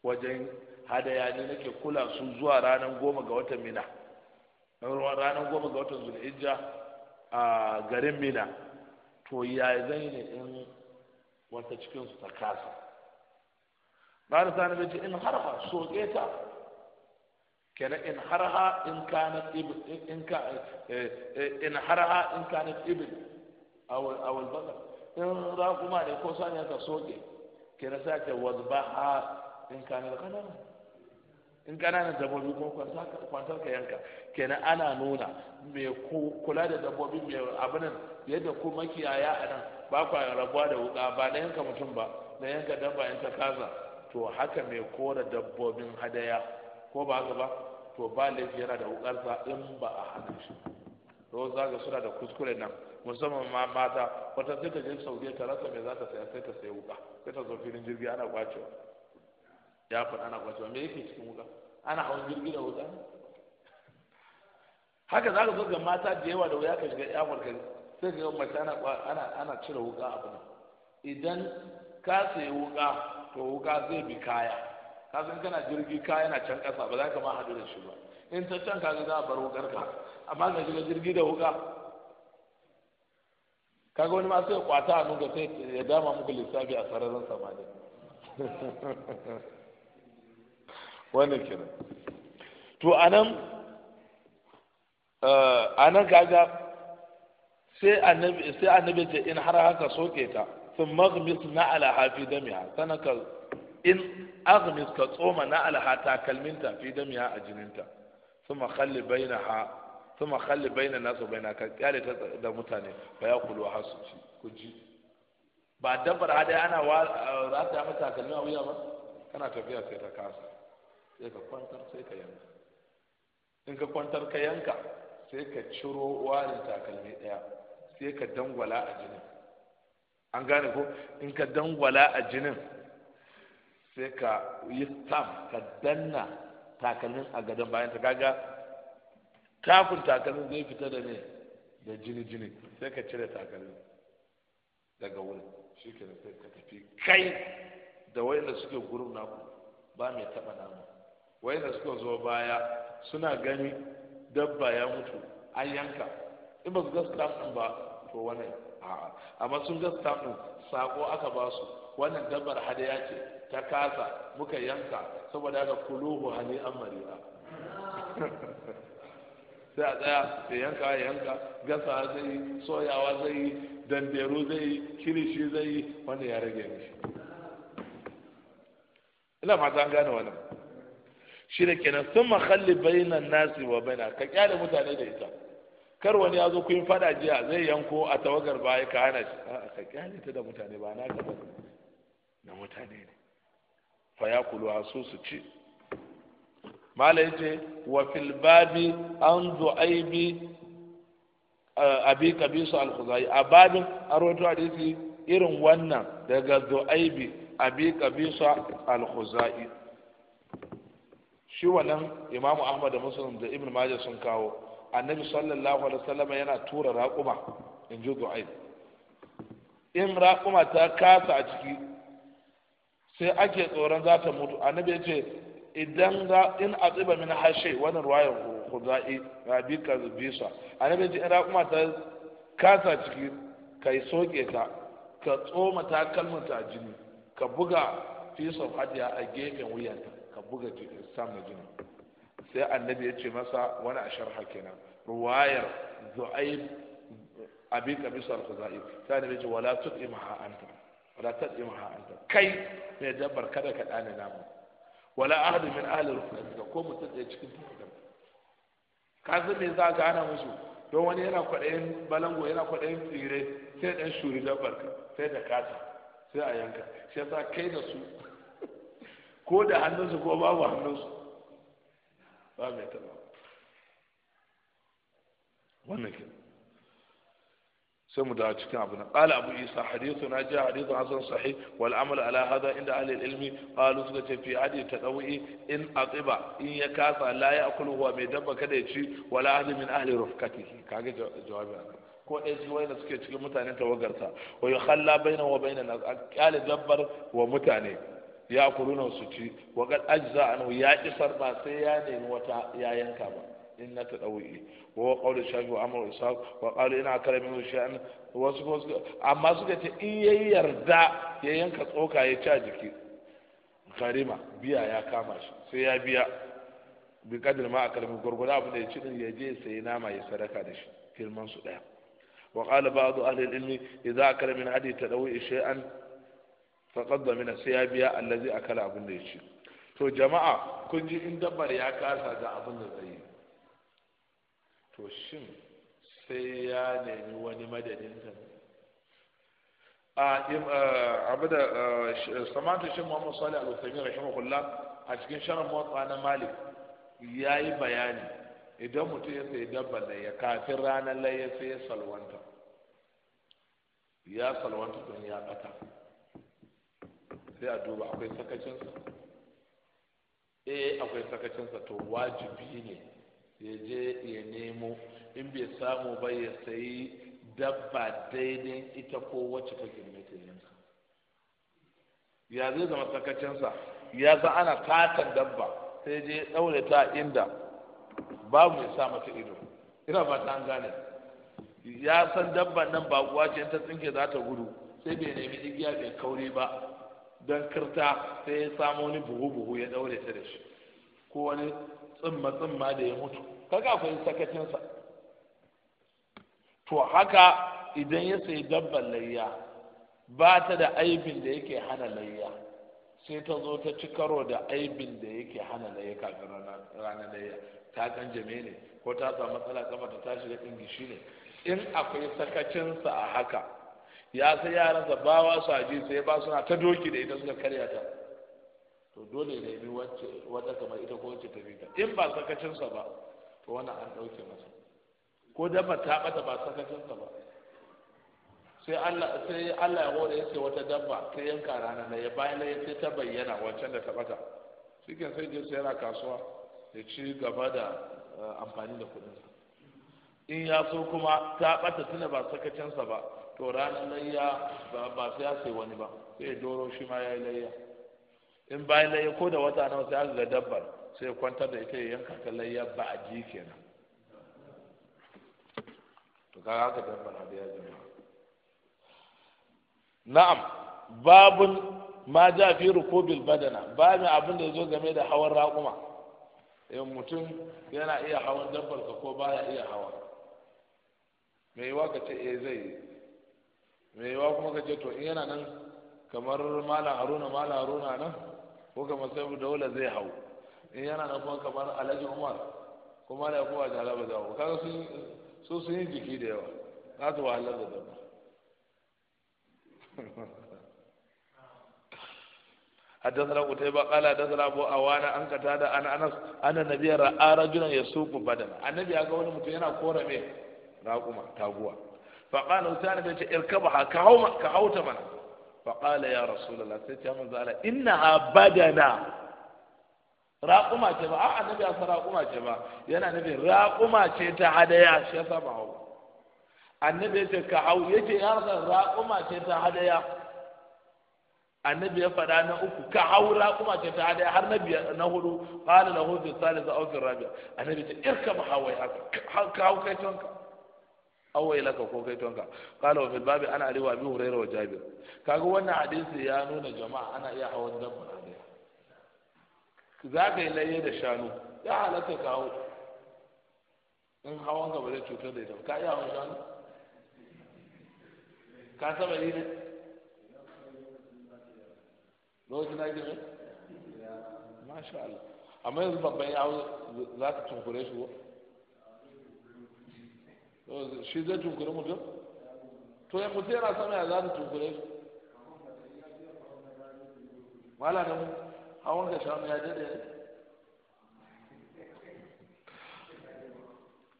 wajen hadaya ne nake kula su zuwa ranar goma ga watan mina ranar goma ga watan zulhijja a garin mina to ya zai ne in wata cikinsu ta kasa ba da sani bai ce in harha soke ta kenan in harha in kana ibn in ka in harha eh, eh, in kana ibn awal awal baka in ra kuma ne ko sani ka soke kenan sai ta a in kana da in ƙananan dabbobi ko kwantar ka yanka kenan ana nuna mai kula da dabbobi mai abinan yadda ku makiyaya a nan ba kwa rabuwa da wuka ba na yanka mutum ba na yanka dabba in ta kaza to haka mai kora dabbobin hadaya ko ba haka ba to ba laifi yana da wukarsa in ba a hana shi to za ga suna da kuskure nan musamman ma mata wata sai ta je saudiya ta rasa mai za ta sayar sai ta sayi wuka sai ta zo filin jirgi ana kwacewa ya faɗa ana wa me yake cikin wuka ana hawan jirgi da wuka haka za ka zo ga mata da yawa da wuya ka shiga ya ka sai ka ga mace ana cire wuka a nan idan ka sayi wuka to wuka zai bi kaya ka san kana jirgi kaya na can ƙasa ba za ka ma haɗu da shi ba in ta can ka za a bar wukar ka amma ka shiga jirgi da wuka kaga wani ma sai kwata a nuka sai ya dama muku lissafi a sararin samaniya wannan kenan to anan eh, anan gaga sai annabi sai annabi ce in har haka soke ta sun maghmis na alaha fi damiha sana ka in aghmis ka tsoma na alaha ta kalminta fi damiha a jininta ثم خلي بينها ثم خلي nasu الناس ka kyale ta da mutane ba ya kulu har su ci ku ji ba dabbar hada ana wa eh, za ta mata kalmi a wuya ba kana tafiya sai ta kasa sai ka kwantar sai ka yanka in ka kwantar ka yanka sai ka ciro warin takalmi ɗaya sai ka dangwala a jinin an gane ko in ka dangwala a jinin sai ka yi stamp ka danna takalmin a gadon bayan ta kaga kafin takalmin zai fita da ne da jini jini sai ka cire takalmin daga wurin shi ke sai ka tafi kai da wayanda suke gurin naku ba mai taɓa namu wai da suka zo baya suna gani dabba ya mutu an yanka in ba su ga staff ba to wannan a'a amma sun ga mu sako aka ba su wannan dabbar hadaya ce ta kasa muka yanka saboda haka kuluhu hani amariya sai a tsaya da yanka ya yanka gasa zai yi soyawa zai yi danderu zai yi kirishi zai yi wanda ya rage mishi ina fata an gane wannan shi da kenan sun makalli bainan nasi wa baina ka kyale mutane da ita kar wani ya zo kun fada jiya zai yanko a tawagar baya ka hana shi a'a ka kyale ta da mutane ba na gaba na mutane ne fa ya kulu su su ci mala ce wa fil babi an aibi eh, abi kabisu al-khuzai a babin a hadisi irin wannan daga aibi abi kabisu al-khuzai shi wannan imamu ahmad da muslim da ibn majah sun kawo annabi sallallahu alaihi wasallam yana tura raƙuma in ji du'aib in raƙuma ta kasa a ciki sai ake tsoron za ta mutu annabi ya ce idan in atsiba min hashe wani ruwayan khuzai rabi ka bisa annabi ya ce in raƙuma ta kasa a ciki kai soke ta ka tsoma takalmanta jini ka buga fi safadiya a gefen wuyanta buga sama jini sai annabi ya ce masa wani a sharha kenan ruwayar zu'aib abi kabisa al-khuzai sai annabi ya ce wala tut'imha anta wala tut'imha anta kai mai dabbar kada ka dane namu wala ahadu min ahli al-khuzai ko mutum ɗaya cikin tafiya ka san me za a gana musu don wani yana kwaɗayin balango yana kwaɗayin tsire sai ɗan shuri dabbar sai da kasa sai a yanka Sai yasa kai da su ko da hannunsu ko babu hannunsu ba mai taba wannan ke sai mu dawo cikin abu na qala abu isa hadithu na ja hadithu hasan sahih wal amal ala hada inda ahli al ilmi qalu suka ce fi ta tadawi in atiba in ya kasa la ya'kulu huwa mai dabba kada ya ci wala ahli min ahli rufqatihi kage jawabi anan ko ɗaya su wanda suke cikin mutane tawagarsa wa yukhalla bainahu wa bainan nas al dabbar wa mutane ya na su ci wa kad ajza anhu ya kisar ba sai ya nemi wata ya yanka ba in na ta dawi wa qawli shafi wa amru isaq wa qalu ina akala min shay'an wasu wasu amma suka ce in yayi yarda ya yanka tsoka ya ci a jiki karima biya ya kama shi sai ya biya bi kadir ma a min gurgurda abu da ya ci din ya je sai nama ya sadaka da shi girman su daya وقال بعض أهل العلم إذا أكل من هدي تدوي شيئا faqad mina sai ya biya allazi akala abin da ya ci to jama'a kun ji in dabbar ya kasa ga abin da zai yi to shin sai ya nemi wani madadin ta a abu da samatu shi muhammad salih al-uthaymin rahimahullah a cikin sharan motsa na malik ya yi bayani idan mutum ya sai dabbar da ya kafin ranar lai ya sai salwanta ya salwanta don ya ɓata sai a duba akwai sakacinsa eh akwai sakacinsa to wajibi ne ya je ya nemo in bai samu ba ya sayi dabba daidai ita ko wacce ta girme ta yanka ya zai zama sakacinsa ya za ana tatan dabba sai je ɗaure ta inda babu ya sa mata ido ina ba ta gane ya san dabban nan ba kuwa ce ta tsinke za ta gudu sai bai nemi igiya mai kauri ba don karta sai ya samu wani buhu-buhu ya daure ta da shi ko wani tsimma-tsimma da ya mutu kaga akwai sakacinsa to haka idan ya sayi dabban layya ba ta da aibin da yake hana layya sai ta zo ta ci karo da aibin da yake hana layya kafin ranar layya ta kan jame ne ko ta samu matsala kafa ta tashi da ɗingishi ne in akwai sakacinsa a haka ya sai yaransa bawa su aji sai ba suna ta doki da ita suka karya ta to dole ne bi wacce wata kamar ita ko wacce ta rika. in ba sakacinsa ba to wannan an ɗauke masa ko dabba ta bata ba sakacinsa ba sai Allah sai Allah ya gode yace wata dabba ta yanka rana ne ya bayan ne sai ta bayyana wancan da ta bata shikin sai je sai yana kasuwa ya ci gaba da eh, amfani da kuɗin. in ya so kuma ta bata tuna ba sakacinsa ba to ranar layya ba sai ya sai wani ba sai ya doro shi ma ya yi layya in bayan layya ko da wata nawa sai aka ga dabbar sai kwantar da ita ya yanka ta layya ba a ji kenan to ga aka dabbar da ya jima na'am babun ma ja fi rukubil badana ba mai abin da ya zo game da hawan raƙuma in eh, mutum yana iya hawan dabbar ka ko baya iya hawa mai yiwa ka ce eh zai mai yawa kuma ka ce to in yana nan kamar malam haruna malam haruna nan ko kamar sai daula zai hau in yana nan kuma kamar alhaji umar kuma da kowa jala ba za ku kaga sun su sun yi jiki da yawa za su wahalar da dabba حدثنا قتيبة قال حدثنا أبو أوانا عن قتادة أنا أنس أن النبي رأى رجلا يسوق بدنا النبي أقول متى أنا كورة مين راقما تابوا فقال وسان بيت اركبها كهوما كهوت منا فقال يا رسول الله سيت يا من زال إنها بدنا راقما جبا آه النبي أصلا راقما جبا ينا نبي راقما جيتا هدايا شيء سبعه annabi ya ce ka hau ya ce ya rasa raƙuma ce ta hadaya annabi ya faɗa na uku ka hau raƙuma ta hadaya har na biyar na hudu qala lahu fi salis aw fi rabi annabi ya ce irka ba kai tonka awai laka ko kai tonka qala wa fil babi ana ali wa abi hurairah wa jabir kaga wannan hadisi ya nuna jama'a ana iya hawan dabba ne za ka yi laye da shanu ya halatta kawo in hawan ka ba zai cutar da ita ka iya hawan shanu ka saba yi ne lokacin da gina masha Allah amma yanzu babban yawo za ka tunkure shi ko shi zai tunkuri mutum to ya mutum yana sama ya za ta tunkure shi mu hawan ga shanu ya jade ne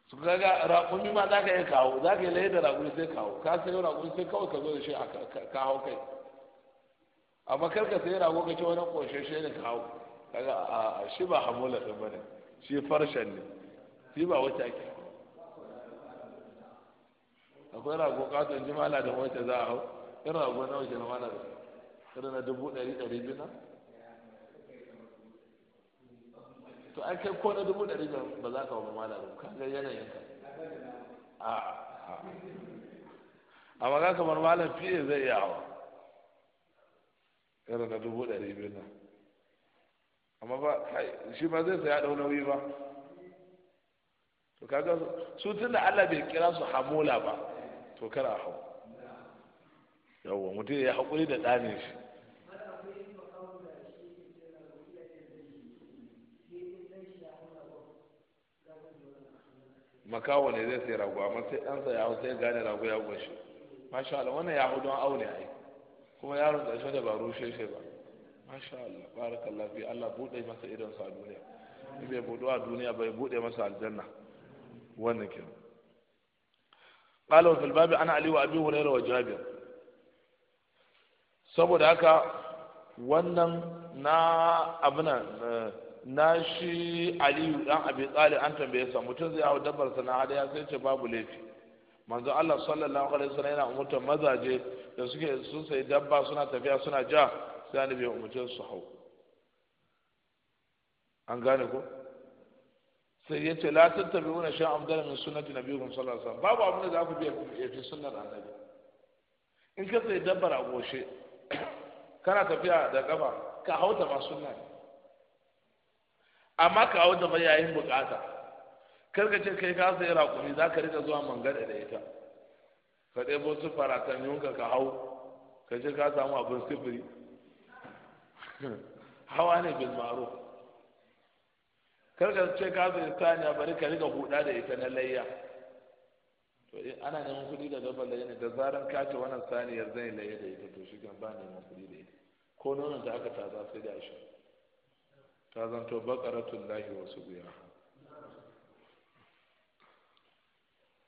su kaga raƙumi ma za ka iya kawo za ka yi laye da raƙumi sai kawo ka sayo raƙumi sai kawai ka zo da shi a kawo kai amma kar ka sayi rago ka ce wani shi ne kawo kaga shi ba hamula ɗin ba ne shi farshen ne shi ba wata ake akwai rago katon jimala da wacce za a hau irin rago na wace na mana da irin na dubu ɗari ɗari biyu na to an kai ko na dubu ɗari biyu ba za ka hau mala da ka ga yanayin ka a amma ga kamar malam fiye zai iya hawa irin na dubu ɗari biyu na amma ba shi ba zai saya ɗau nauyi ba to kaga su tun da Allah bai kira su hamula ba to kar a hau yawon mutum ya haƙuri da ɗane shi makawo ne zai sai rago amma sai ɗansa ya hau sai gane rago ya gwashi masha Allah wannan ya hau don aune ai kuma yaron da shi da ba rushe shi ba masha Allah barakallahu fi Allah bude masa idon sa duniya in bai bude a duniya bai bude masa aljanna wannan kenan قال وفي الباب عن علي وابي هريره وجابر saboda haka wannan na abuna na shi aliyu dan abi tsali an tambaye sa mutum zai hau dabbar sa na hadaya sai ce babu laifi manzo Allah sallallahu alaihi wasallam yana umurtar mazaje da suke sun sai dabba suna tafiya suna ja sai annabi ya su hau an gane ko sai ya ce la tabi wani shan abdala min sunnati nabiyukum sallallahu alaihi wasallam babu abin da za ku biya ya fi sunnar annabi in ka sai dabbar a goshe kana tafiya da gaba ka hauta ma sunna amma ka hauta ba yayin bukata kar ka ce kai ka sai raƙumi za ka rika zuwa mangada da ita ka ɗebo su faratan yunka ka hau ka ce ka samu abin sifiri hawa ne bin ma'ruf karka ce ka zai saniya bari ka riga huda da ita na layya to in eh, ana neman kuɗi da dabbar layya ne da zaran ka ce wannan saniyar zai layya da ita to shi kan ba neman kuɗi da ita ko nonon da aka taza sai da shi ta zanto baqaratul lahi wasu biya.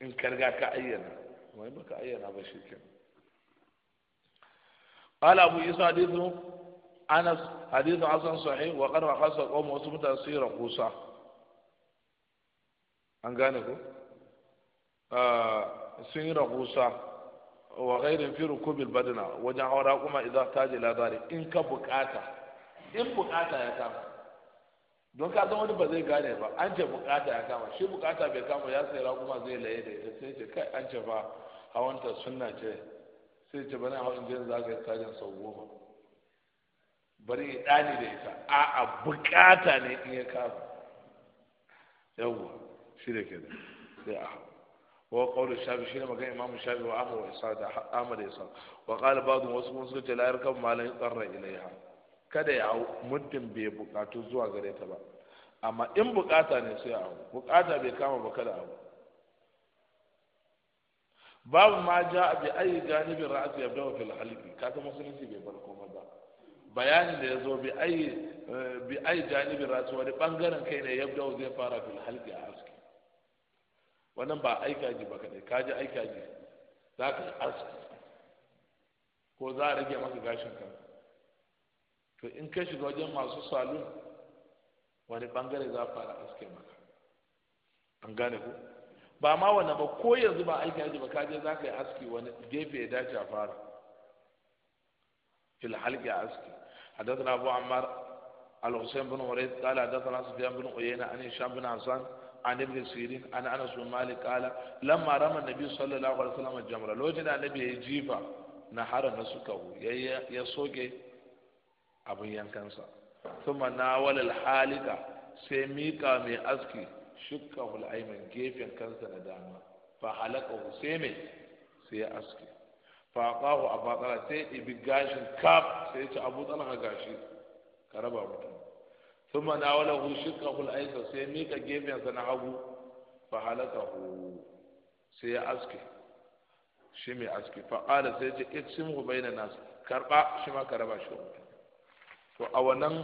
in karga ka ayyana wai baka ayyana ba shi kenan قال أبو يوسف حديثه anas hadithu hasan sahih wa qad khasa qawm wasu mutasira qusa yi an gane ko ah, sun yi rahusa wa ghairin fi rukubil badna wajen ja'ara kuma idan taji la dari in ka bukata in bukata ya kama don ka san wani ba zai gane ba an ce bukata ya kama shi bukata bai kama ya sai kuma zai laye da ita sai ce kai an ce ba hawanta sunna ce sai ce bana hawan jin yi tajin sau goma bari ya ɗani da ita a'a bukata ne in ya kama yawwa shi da ke da sai a hau Shafi shi وقول الشافعي wa مكان امام الشافعي da isa wa واسحاق ba بعضهم wasu kuma suka ce la yarkab ma la yuqarra ilaiha kada ya hau muddin bai bukatu zuwa gare ta ba amma in bukata ne sai a hau bukata bai kama ba kada hau babu ma ja a bi ayi janibin ya bai wa fil halqi kaga musulunci bai bar komai bayanin da ya zo bi ai bi janibin rasu wani bangaren kai ne yabda zai fara fil halki a arziki wannan ba aika ji ba kadai ka ji aika ji za ka yi arziki ko za a rage maka gashin kan to in ka shiga wajen masu salun wani bangare za fara aske maka an gane ko ba ma wannan ba ko yanzu ba aiki yaji ba kaje za ka yi aski wani gefe ya dace a fara fil halki aski حدثنا أبو عمار الحسين بن مريد قال حدثنا سفيان بن عيينة عن هشام بن عسان عن ابن سيرين عن أنس بن مالك قال لما رمى النبي صلى الله عليه وسلم الجمرة لو جنا النبي يجيبا نحر نسكه يسوق أبو ينكنسا ثم ناول الحالقة سيميكا مي أزكي شكه الأيمن جيفين كنسا ندامه فحلقه سيمي سي أسكي faƙahu a faƙara sai ibi gashin kaf sai ya ci abu a gashi ka raba mutum sun na wala hu shirka hul aisa sai mika gefensa na hagu fa halaka hu sai ya aske shi mai aske faƙala sai ce iksim hu bai na nasu karɓa shi ma ka raba shi mutum to a wannan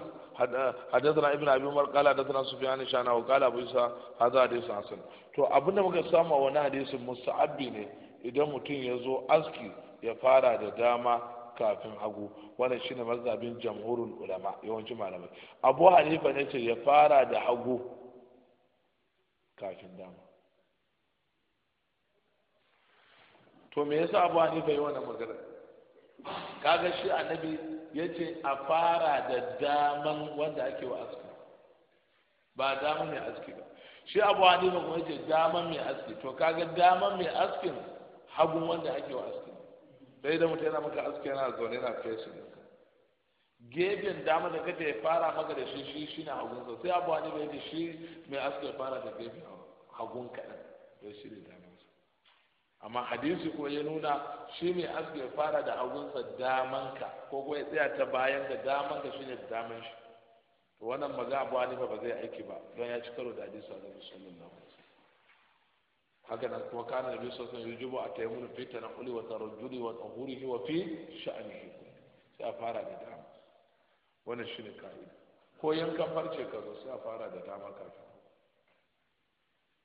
hadathana ibn abi umar qala hadathana sufyan shana wa qala abu isa hadha hadith hasan to abinda muka samu a wannan hadisin musta'abi ne idan mutum ya zo aski ya fara da dama kafin hagu wannan shine mazhabin jamhurul ulama yawancin malamai abu hanifa ne ce ya fara da hagu kafin dama to me yasa abu hanifa yi wannan magana kaga shi annabi yace a fara da daman wanda ake wa aski ba daman mai aski ba shi abu hanifa kuma yace daman mai aski to kaga daman mai askin hagun wanda ake wa aski dai da mutum yana maka aski yana zaune yana fesin gefen dama da kake fara maka da shi shi shi na hagunsa sai abu wani bai da shi mai aske fara da gefen hagun kaɗan da shi da damansa amma hadisi ko ya nuna shi mai aske fara da daman ka, ko kuma ya tsaya ta bayan da ka shi ne da daman shi wannan maza abu wani ba zai aiki ba don ya ci karo da hadisi a zama sallallahu Hakanan nan kuma kana nabi sallallahu alaihi fita na kuli fi tanquli wa tarajjuli wa tahurihi wa fi sha'nihi sai a fara da dama wannan shine kayi. ko yankan farce ka zo sai a fara da dama kafin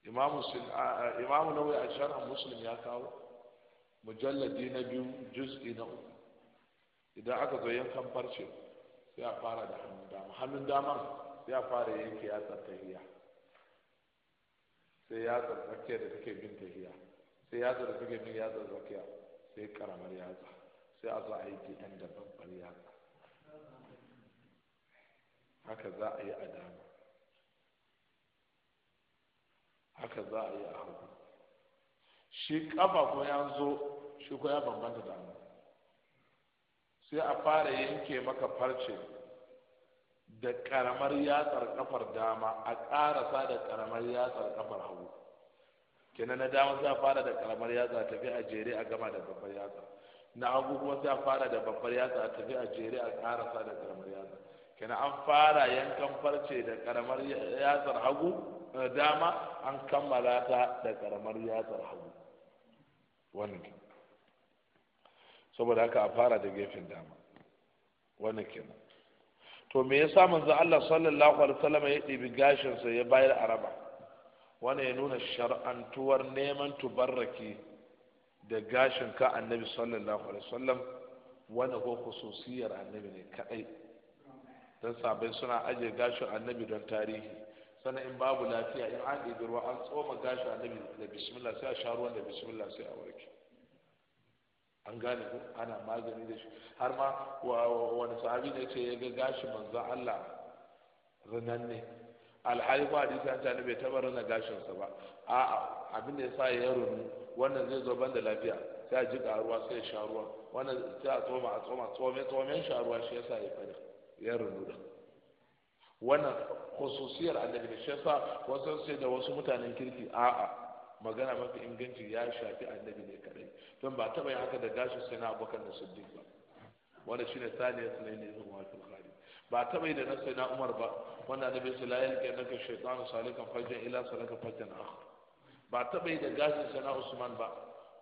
imamu imamu nawawi a sharhan muslim ya kawo mujalladi na biyu jus na uku idan aka zo yankan farce sai a fara da hannun dama hannun dama sai a fara yanke ya tsatsahiya sai yatsar tsakiya da take bin tahiya sai yatsar da take bin yatsar tsakiya sai karamar yatsa sai a zo a yi gidan da babbar yatsa haka za a yi a dama haka za a yi a hagu shi kafa ko ya zo shi ko ya bambanta da sai a fara yanke maka farce da karamar yatsar kafar dama a karasa da karamar yatsar kafar hagu kenan na dama za fara da karamar yatsa tafi a jere a gama da babbar yatsa na hagu kuma za fara da babbar yatsa tafi a jere a karasa da karamar yatsa kenan an fara yankan farce da karamar yatsar hagu eh, dama an kammala ta da karamar yatsar hagu wannan saboda haka a fara da gefen dama wannan kenan to me yasa manzo Allah sallallahu alaihi wasallam ya ɗibi gashin sa ya bayar araba wannan ya nuna tuwar neman tubarraki da gashin ka annabi sallallahu alaihi wasallam wanda ko khususiyar annabi ne kadai dan sabai suna aje gashin annabi don tarihi sannan in babu lafiya in an ɗibi ruwa an tsoma gashin annabi da bismillah sai a sha ruwan da bismillah sai a warke an gane ko ana magani da shi har ma wani sahabi ne ce ya ga gashi manzon Allah ranan ne alhali ba hadisi an tani bai taba rana sa ba a'a abin da yasa ya runu wannan zai zo banda lafiya sai a jika ruwa sai ya sha ruwa wannan sai a tsoma a tsoma tsome tsomen sha ruwa shi yasa ya fara ya runu da wannan khususiyar annabi shi yasa wasu sai da wasu mutanen kirki a'a magana mafi inganci ya shafi annabi ne kare don ba taba yin haka da gashin sai na abokan da sun ba wanda shine ya sunai ne zuwa wata bukhari ba taba yi da na sai na umar ba wanda na sai la ke naka shaytanu salikan fajjan ila salaka fajjan akhar ba taba yi da gashin sai na usman ba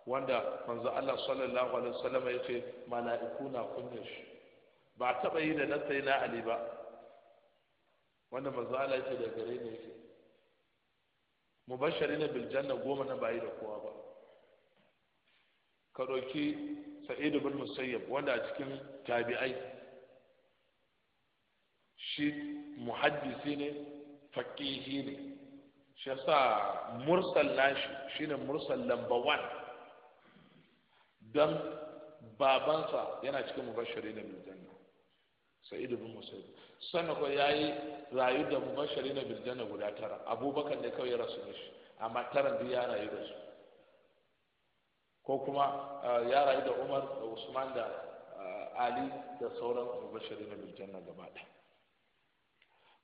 wanda manzo Allah sallallahu alaihi wasallam ya ce mala'iku na kunyar shi ba taba yi da na sai na ali ba wanda manzo Allah ya ce da gare ne yake mubashari na biljanna goma na bayi da kowa ba ka ɗauki Sa'idu bin musayyab wanda a cikin tabi'ai shi muhaddisi ne faƙihi ne shi yasa mursal nashi shine mursal number one don babansa yana cikin mubashari na biljanna sa'id ibn musayyib sanna ko yayi rayu da mubashari na biljanna guda tara abubakar ne kawai ya rasu da shi amma tara duk ya rayu da su ko kuma ah, ya rayu da umar da usman da ah, ali da sauran mubashari na biljanna gaba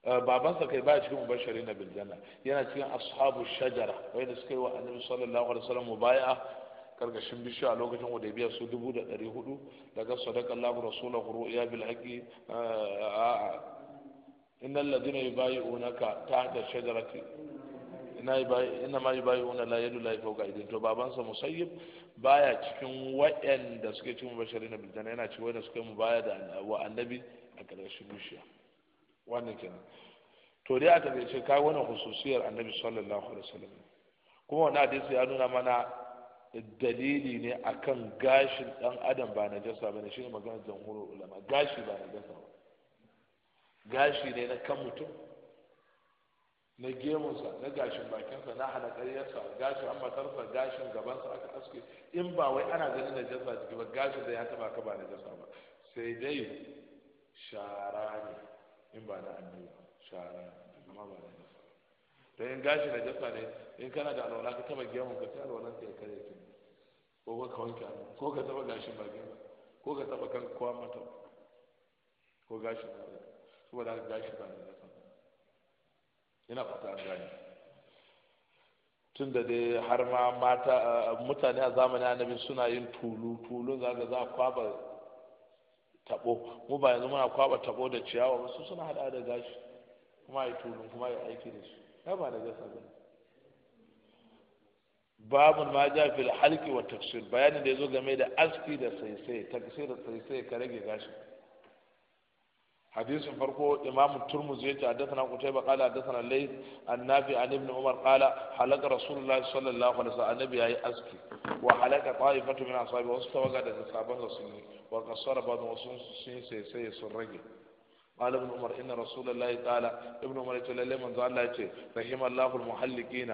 ah, babansa kai ba cikin mubashari na biljanna yana cikin ashabu shajara wanda suka yi wa annabi sallallahu alaihi wasallam mubai'a karkashin bishiya a lokacin hudaybiya su dubu da ɗari hudu daga sadaka allahu rasulahu ru'ya bil haqi a'a eh, innal ladina yubayi'unaka tahta shajarati ina ma bayi una la yadu la fauka idin to babansa musayyib baya cikin waɗanda suke cikin bashari na biljana yana cikin waɗanda suke mu baya da wa annabi a karkashin bishiya wannan kenan to dai a taƙaice kai wannan hususiyar annabi sallallahu alaihi wasallam kuma wannan hadisi ya nuna mana dalili ne akan gashin dan adam ba na jasa ba ne shi ne magana jamhurul ulama gashi ba na jasa ba gashi ne na kan mutum na gemunsa na gashin bakinsa na gashi gashin ambatarsa gashin gabansa aka aske in ba wai ana ganin na jasa jiki ba gashi da ya taba ka ba na jasa ba sai dai shara ne in ba na annabi shara amma ba na jasa don in gashi na jasa ne in kana da alwala ka taba gemun ka sai alwalan ka ya kare ki ko ka wanke ko ka taba gashin bakin ba, ko ka taba kan kwa mata ko gashin bakin saboda da gashin ba da ina fata an gane tun da dai har ma mata mutane a zamanin annabi suna yin tulu tulu za ga za a kwaba tabo mu ba yanzu muna kwaba tabo da ciyawa wasu suna hada da gashi kuma a yi tulun kuma a yi aiki da shi ya ba da gasa ba babun ma ja fil halki wa tafsir bayanin da zo game da aski da saisai tafsir da saisai ka rage gashi حديث فرقه إمام الترمذي حدثنا قتيبة قال حدثنا الليث النافع عن ابن عمر قال حلق رسول الله صلى الله عليه وسلم النبي أي أسكي وحلق طائفة من أصحابه واستوى قد أصحابه سنين وقصر بعض وصول سنين سيسي سرقي قال ابن عمر إن رسول الله تعالى ابن عمر يتلى من ذا الله رحم الله المحلقين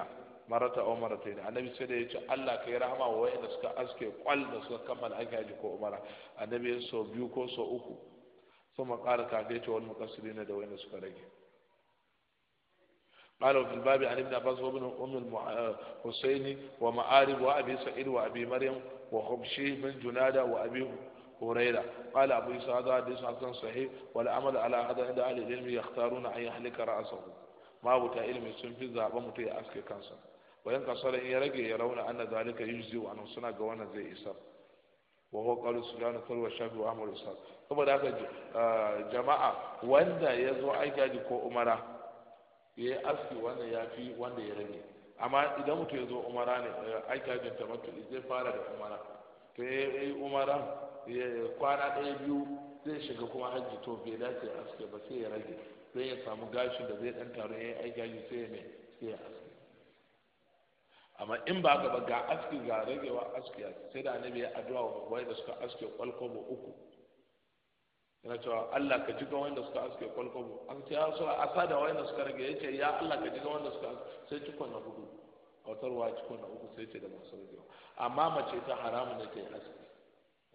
marata aw marata ne annabi sai da ya ce Allah kai rahama wa wayanda suka aske kwal da suka kammala aka haji ko umara annabi ya so biyu ko so uku kuma ƙara kafe ya ce wal muqassirina da wayanda suka rage قال وفي الباب عن ابن عباس وابن ام الحسين ومعارب وابي سعيد وابي مريم وخبشي بن جناده وابي هريرة قال أبو يسعى هذا حديث حسن صحيح والعمل على هذا عند أهل العلم يختارون أن يحلق رأسه ما بتا علم سن في ذهب متي أسكي كانسا wajen kasara in ya rage ya rauna anna zalika a nan suna ga wannan zai isa. wa huwa qawlu sufyan thawri shafi wa amur isa saboda haka ah, jama'a wanda ya zo aiki ko umara yi aski wanda ya fi wanda ya rage amma idan mutum ya zo umara ne eh, aiki hajjin tamattu zai fara da umara to ya yi umara kwana ɗaya biyu zai shiga kuma hajji to bai dace aske ba sai ya rage sai ya samu gashin da zai ɗan taru ya yi aiki hajji sai ya mai sai ya aske amma in ba ka ba ga aski ga ragewa aski sai da annabi ya addu'a wa wai da suka aske mu uku yana cewa Allah ka jiga wanda suka aske mu an ce ya so a sada wanda suka rage yace ya Allah ka jiga wanda suka sai cikon na hudu a wata ruwa cikon uku sai ce da masu ragewa amma mace ta ne ta yi aski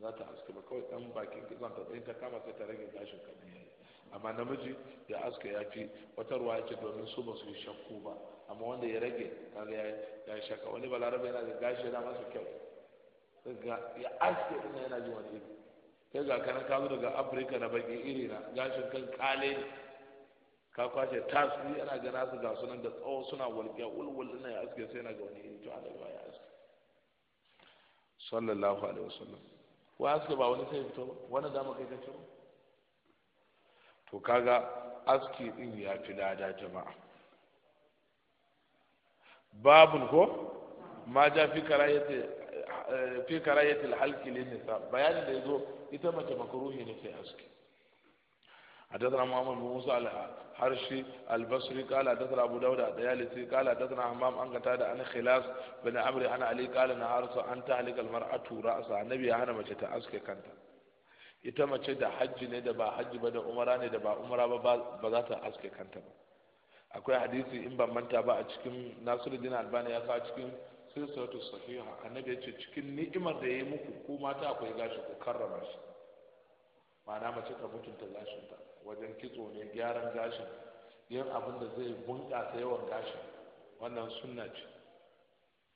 za ta aske ba kawai dan bakin zanta ta ta kama sai ta rage gashin kamar yayi amma namiji ya aska ya fi wata ruwa ce domin su ba su yi shakku ba amma wanda ya rage kaga ya shaka. wani balarabe yana da gashi yana masa kyau ya aske ina yana ji wani iri sai ga kana ka zo daga afirka na baki iri na gashin kan kale ka kwace tasiri yana gana su ga sunan da tsawo suna walƙiya wulwul ina ya aske sai yana ga wani iri to ana ya aske sallallahu alaihi wasallam wa aske ba wani sai fito wani dama kai ka ciro to kaga aski din ya fi lada jama'a babun ko ma ja fi karayati fi karayati lin nisa bayani da yazo ita mace makruhi ne sai aski حدثنا محمد بن موسى الحرشي البصري قال حدثنا ابو داود الديالسي قال حدثنا همام عن قتاده عن خلاص بن عمرو عن علي قال نهى عن تهلك المراه راسها النبي mace ta تاسكي kanta. ita mace da hajji ne da ba hajji ba da umara ne da ba umara ba ba za ta aske kanta ba akwai hadisi in ban manta ba a cikin nasiruddin albani ya kawo cikin silsilatu sahiha annabi ya ce cikin ni'imar da ya yi muku ku mata akwai gashi ku karrama shi ma'ana mace ta mutunta gashinta wajen kitso ne gyaran gashin yin abin da zai bunƙasa yawan gashin wannan sunna ce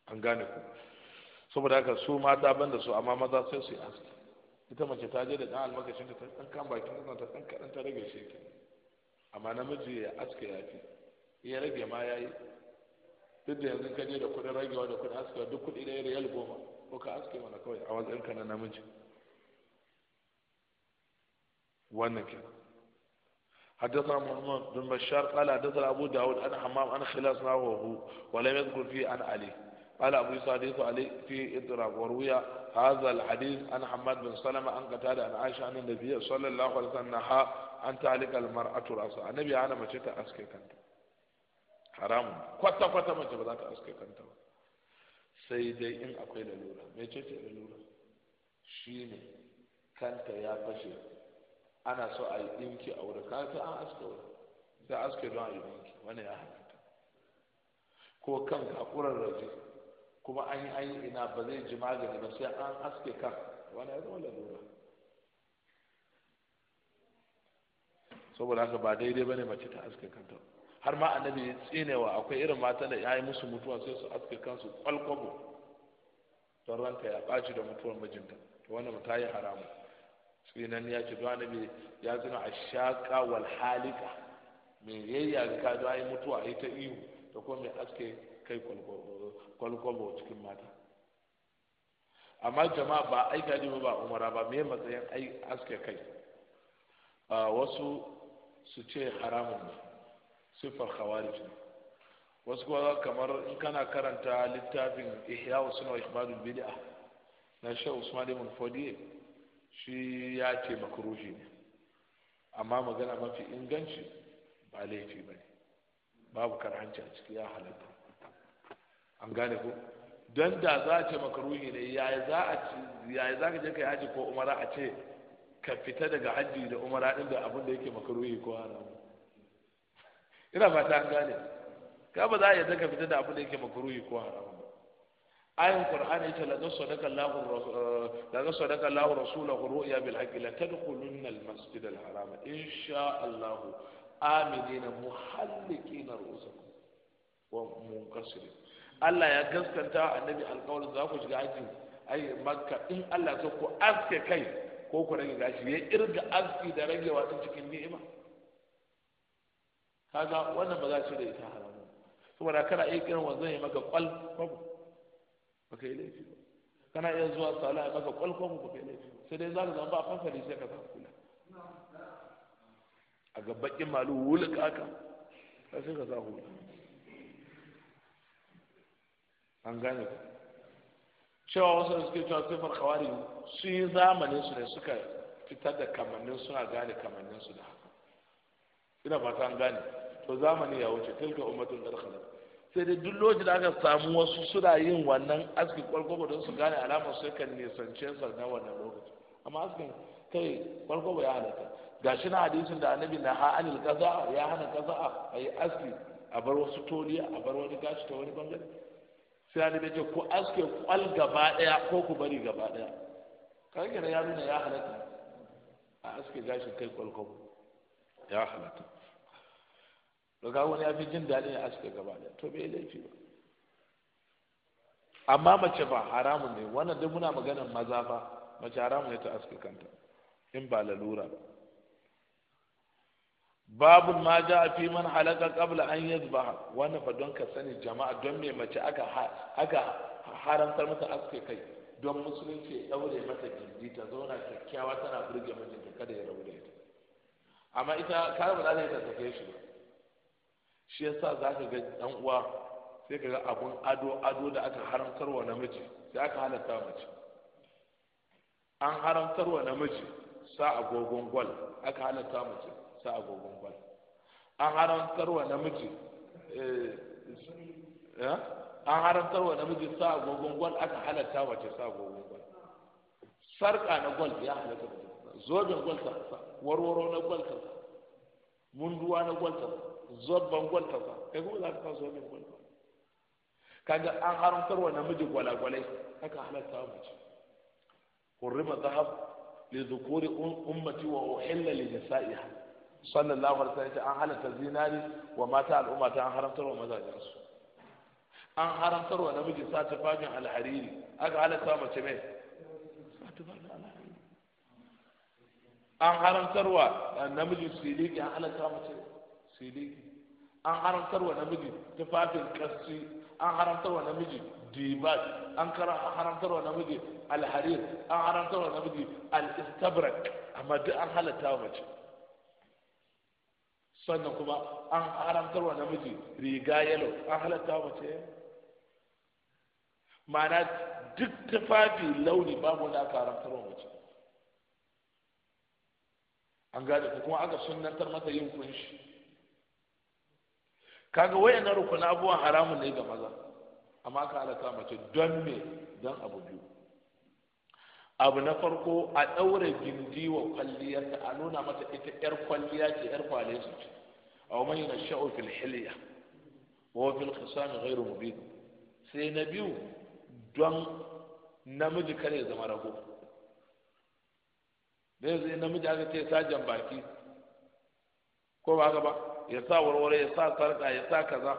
an gane ku saboda haka su mata ban da su amma maza sai su yi aski ita mace ta je da dan almakashin ta dan kan bakin ta ta dan kadan ta rage shi amma namiji ya aska ya fi ya rage ma ya yi duk da yanzu ka je da kudin ragewa da kudin aska duk kudi ɗaya riyal goma ko ka aske mana kawai a wajen ka na namiji wannan kenan حدثنا محمد بن بشار قال حدثنا ابو داود عن حمام عن خلاص هو ولم يذكر فيه عن علي قال أبو يوسف علي في إدراك وروي هذا الحديث عن حماد بن سلمة عن قتادة عن عائشة عن النبي صلى الله عليه وسلم نهى أن تعلق المرأة رأسها النبي أنا ما جيت أسكي كنت حرام كوتا كوتا ما جبت أسكي كنت سيدي إن أقول لورا ما جيت لورا شيني كنت يا بشر أنا سو أي إنكي أو ركعت أنا أسكي ولا إذا أسكي لا يمكن وأنا يا حبيبي ko kan hakuran raje kuma an yi an yi ina ba zai ji magani ba sai an aske kan wani ya zama lalura saboda haka ba daidai ba ne mace ta aske kanta har ma annabi ya tsinewa akwai irin mata da ya yi musu mutuwa sai su aske kansu kwalkwabo don ranka ya ɓaci da mutuwar mijinta wannan ta yi haramu tsinan ya ce don annabi ya zina a shaƙa wal halika mai yayya ka don yi mutuwa a yi ta ihu da kuma mai aske kai kwalkwabo cikin mata amma jama'a ba aika ne ba umara ba me matsayin ai aske kai wasu su ce haramun ne siffar khawarij ne wasu kuma kamar in kana karanta littafin ihya wasu na ikhbarul bid'a na shi usman ibn fodiye shi ya ce makruhi ne amma magana mafi inganci ba laifi ba ne babu karhanci a ciki ya halatta an gane ko don da za a ce makaruhi ne yaya za a yaya za ka je haji ko umara a ce ka fita daga haji da umara din da abin da yake makaruhi ko haram ina fata an gane ka ba za a yadda ka fita da abin da yake makaruhi ko haram ayin qur'ani ita la nasadaka Allahu eh, la nasadaka Allahu rasulahu ru'ya bil haqqi la tadkhulunna al masjid al haram insha Allah aminina muhallikina ru'usakum wa munqasirin Allah ya gaskanta annabi alƙawarin za ku shiga aji ai makka in Allah so ku aske kai ko ku rage gashi ya irga aski da rage wa cikin ni'ima kaga wannan ba za su da ita haramun saboda kana iya kiran wanzan ya maka kwal kwabu ba kai laifi ba kana iya zuwa sala ya maka kwal kwabu ba kai laifi ba sai dai za ka zama ba fasali sai ka sa kula a gaban malu wuli ka sai ka sa hula an gane ku cewa wasu da suke cewa sifar kawari su yi zamanin su ne suka fitar da kamannin suna gane kamannin su da haka ina fata an gane to zamani ya wuce tilka ummatun darkhala sai dai duk lokacin da aka samu wasu suna yin wannan aski kwalkwabo don su gane alamar su kan nisance sa na wannan lokaci amma askin kai kwalkwabo ya halatta shi na hadisin da annabi na ha'anil kaza'a ya hana kaza'a a yi aski a bar wasu toliya a bar wani gashi ta wani bangare sai an bai ce ku aske kwal gaba daya ko ku bari gaba daya kage ya nuna ya halatta a aske gashin kai kwal ko ya halatta ga wani ya fi jin daɗin ya aske gaba daya to bai laifi ba amma mace ba haramun ne wannan duk muna maganar maza ba mace haramun ne ta aske kanta in ba lalura ba babu ma ja fi man halaka qabla an yadhbaha wannan fa don ka sani jama'a don me mace aka aka haramtar mata aske kai don musulunci ya daure mata gindi ta zauna kyakkyawa tana burge mijinta kada ya rabu da amma ita kare ba za ta take ta shi ba shi yasa za ka ga dan uwa sai ka ga abun ado ado da aka haramtar wa namiji sai aka halatta mace an haramtar wa namiji sa agogon gwal aka halatta mace sa agogon gwal an haramtar wa namiji eh, eh, eh, an harantar wa namiji sa agogon gwal aka halatta wace sa agogon gwal sarka na gwal ya halatta zoben gwal ta warwaro na gwal ta munduwa na gwal ta zobban gwal ta kai kuma za ka sa zoben gwal ta kaga an haramtar wa namiji gwalagwalai aka halatta mace hurrima zahab li dhukuri um-, ummati wa uhilla sallallahu alaihi wasallam an halatta zinari wa mata al'umma ta an haramtar wa mazajen an haramtar wa namiji sa tufafin alhariri aka halatta mace mai an haramtar wa namiji siliki an halatta mace siliki an haramtar wa namiji tufafin kasci an haramtar wa namiji dibat an haramtar wa namiji alharir an haramtar wa namiji alistabrak amma duk an halatta mace sannan kuma an haramtar wa namiji riga yalo an halatta mace ma'ana duk tufafi launi babu wanda aka haramtar wa mace an gada ko kuma aka sunnantar mata yin kunshi kaga na rukuna, abubuwan haramun ne ga maza amma aka halatta mace don me don abu biyu abu na farko a ɗaure gindi wa kwalliyarta a nuna mata ita yar kwalliya ce yar kwale su ce a wani na sha'o fil hiliya wa fil khisami ghairu mubin sai na biyu don namiji kare zama rago dan sai namiji aka ce sajan baki ko ba haka ba ya sa warware ya sa sarka ya sa kaza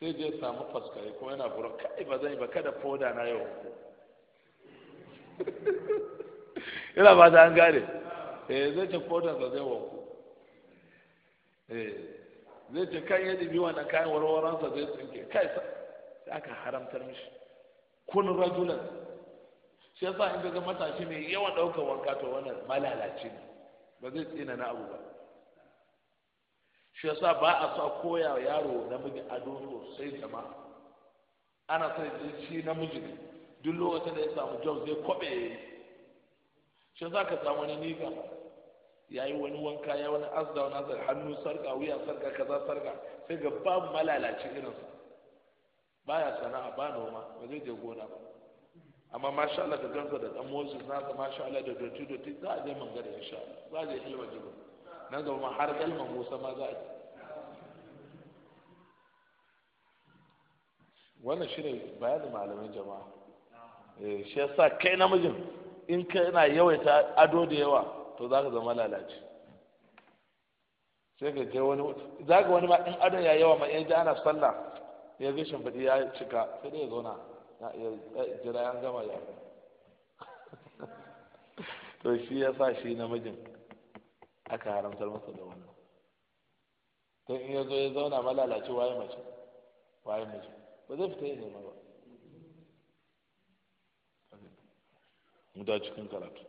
sai je samu faskare ko yana burin kai ba zan yi ba kada foda na yau ina ba ta an gane eh zai ce kota ta zai wanku eh zai ce kan yadda biyu wannan kayan warwaransa zai tsinke kai sa. sai aka haramtar mishi kun rajulan shi yasa in ga matashi ne yawan ɗaukar wanka to wannan malalaci ne ba zai tsina na abu ba shi yasa ba a sa koya yaro namiji ado sosai jama'a ana sai shi namiji ne duk lokacin da ya samu jobs zai kwabe shi za ka samu wani nika ya yi wani wanka ya wani asda wani azda hannu sarka wuya sarka kaza sarka sai ga ba malalaci irinsa baya sana'a ba noma ba zai je gona ba amma masha Allah da gansa da dan Moses ka masha Allah da dotti dotti za a je mangare insha Allah za a je ilma jigo nan gaba ma har kalman Musa ma za a je wannan shine bayanin malamai jama'a Eh, shi yasa kai namijin in kana yawaita ado da yawa to za ka zama lalace sai ka je wani za ka wani ma in adon ya yawa ma yanzu ana sallah ya ga shimfiɗi ya cika sai dai ya zauna ya jira ya gama ya to shi ya sa shi namijin aka haramtar masa da wannan don in ya zo ya zauna malalaci waye mace waye mace ba zai fita ya nema ba mu da cikin karatu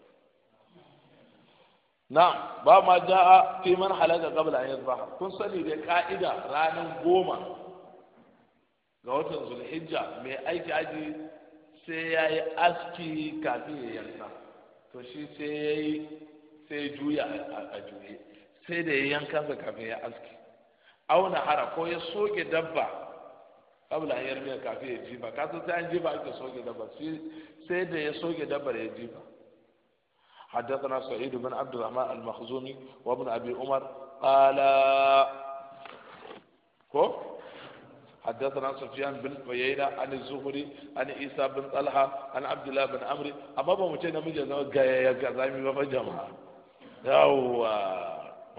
na ba ma ja'a fi man halaka qabla an yadhbaha kun sani da ka'ida ranar goma ga watan zulhijja mai aiki aji sai ya yi aski kafin ya yanka to shi sai ya yi sai juya a juye sai da ya yanka sa kafin ya aski auna hara ko ya soke dabba kabla an yarmiya kafin ya jiba ka san sai an jiba ake soke dabba سيد يسوق دبر يجيبه حدثنا سعيد بن عبد الرحمن المخزومي وابن أبي عمر قال كو حدثنا سفيان بن عيينة عن الزهري عن عيسى بن طلحة عن عبد الله بن عمري أما ما متينا مجا زما غايا يا زامي ما جماعة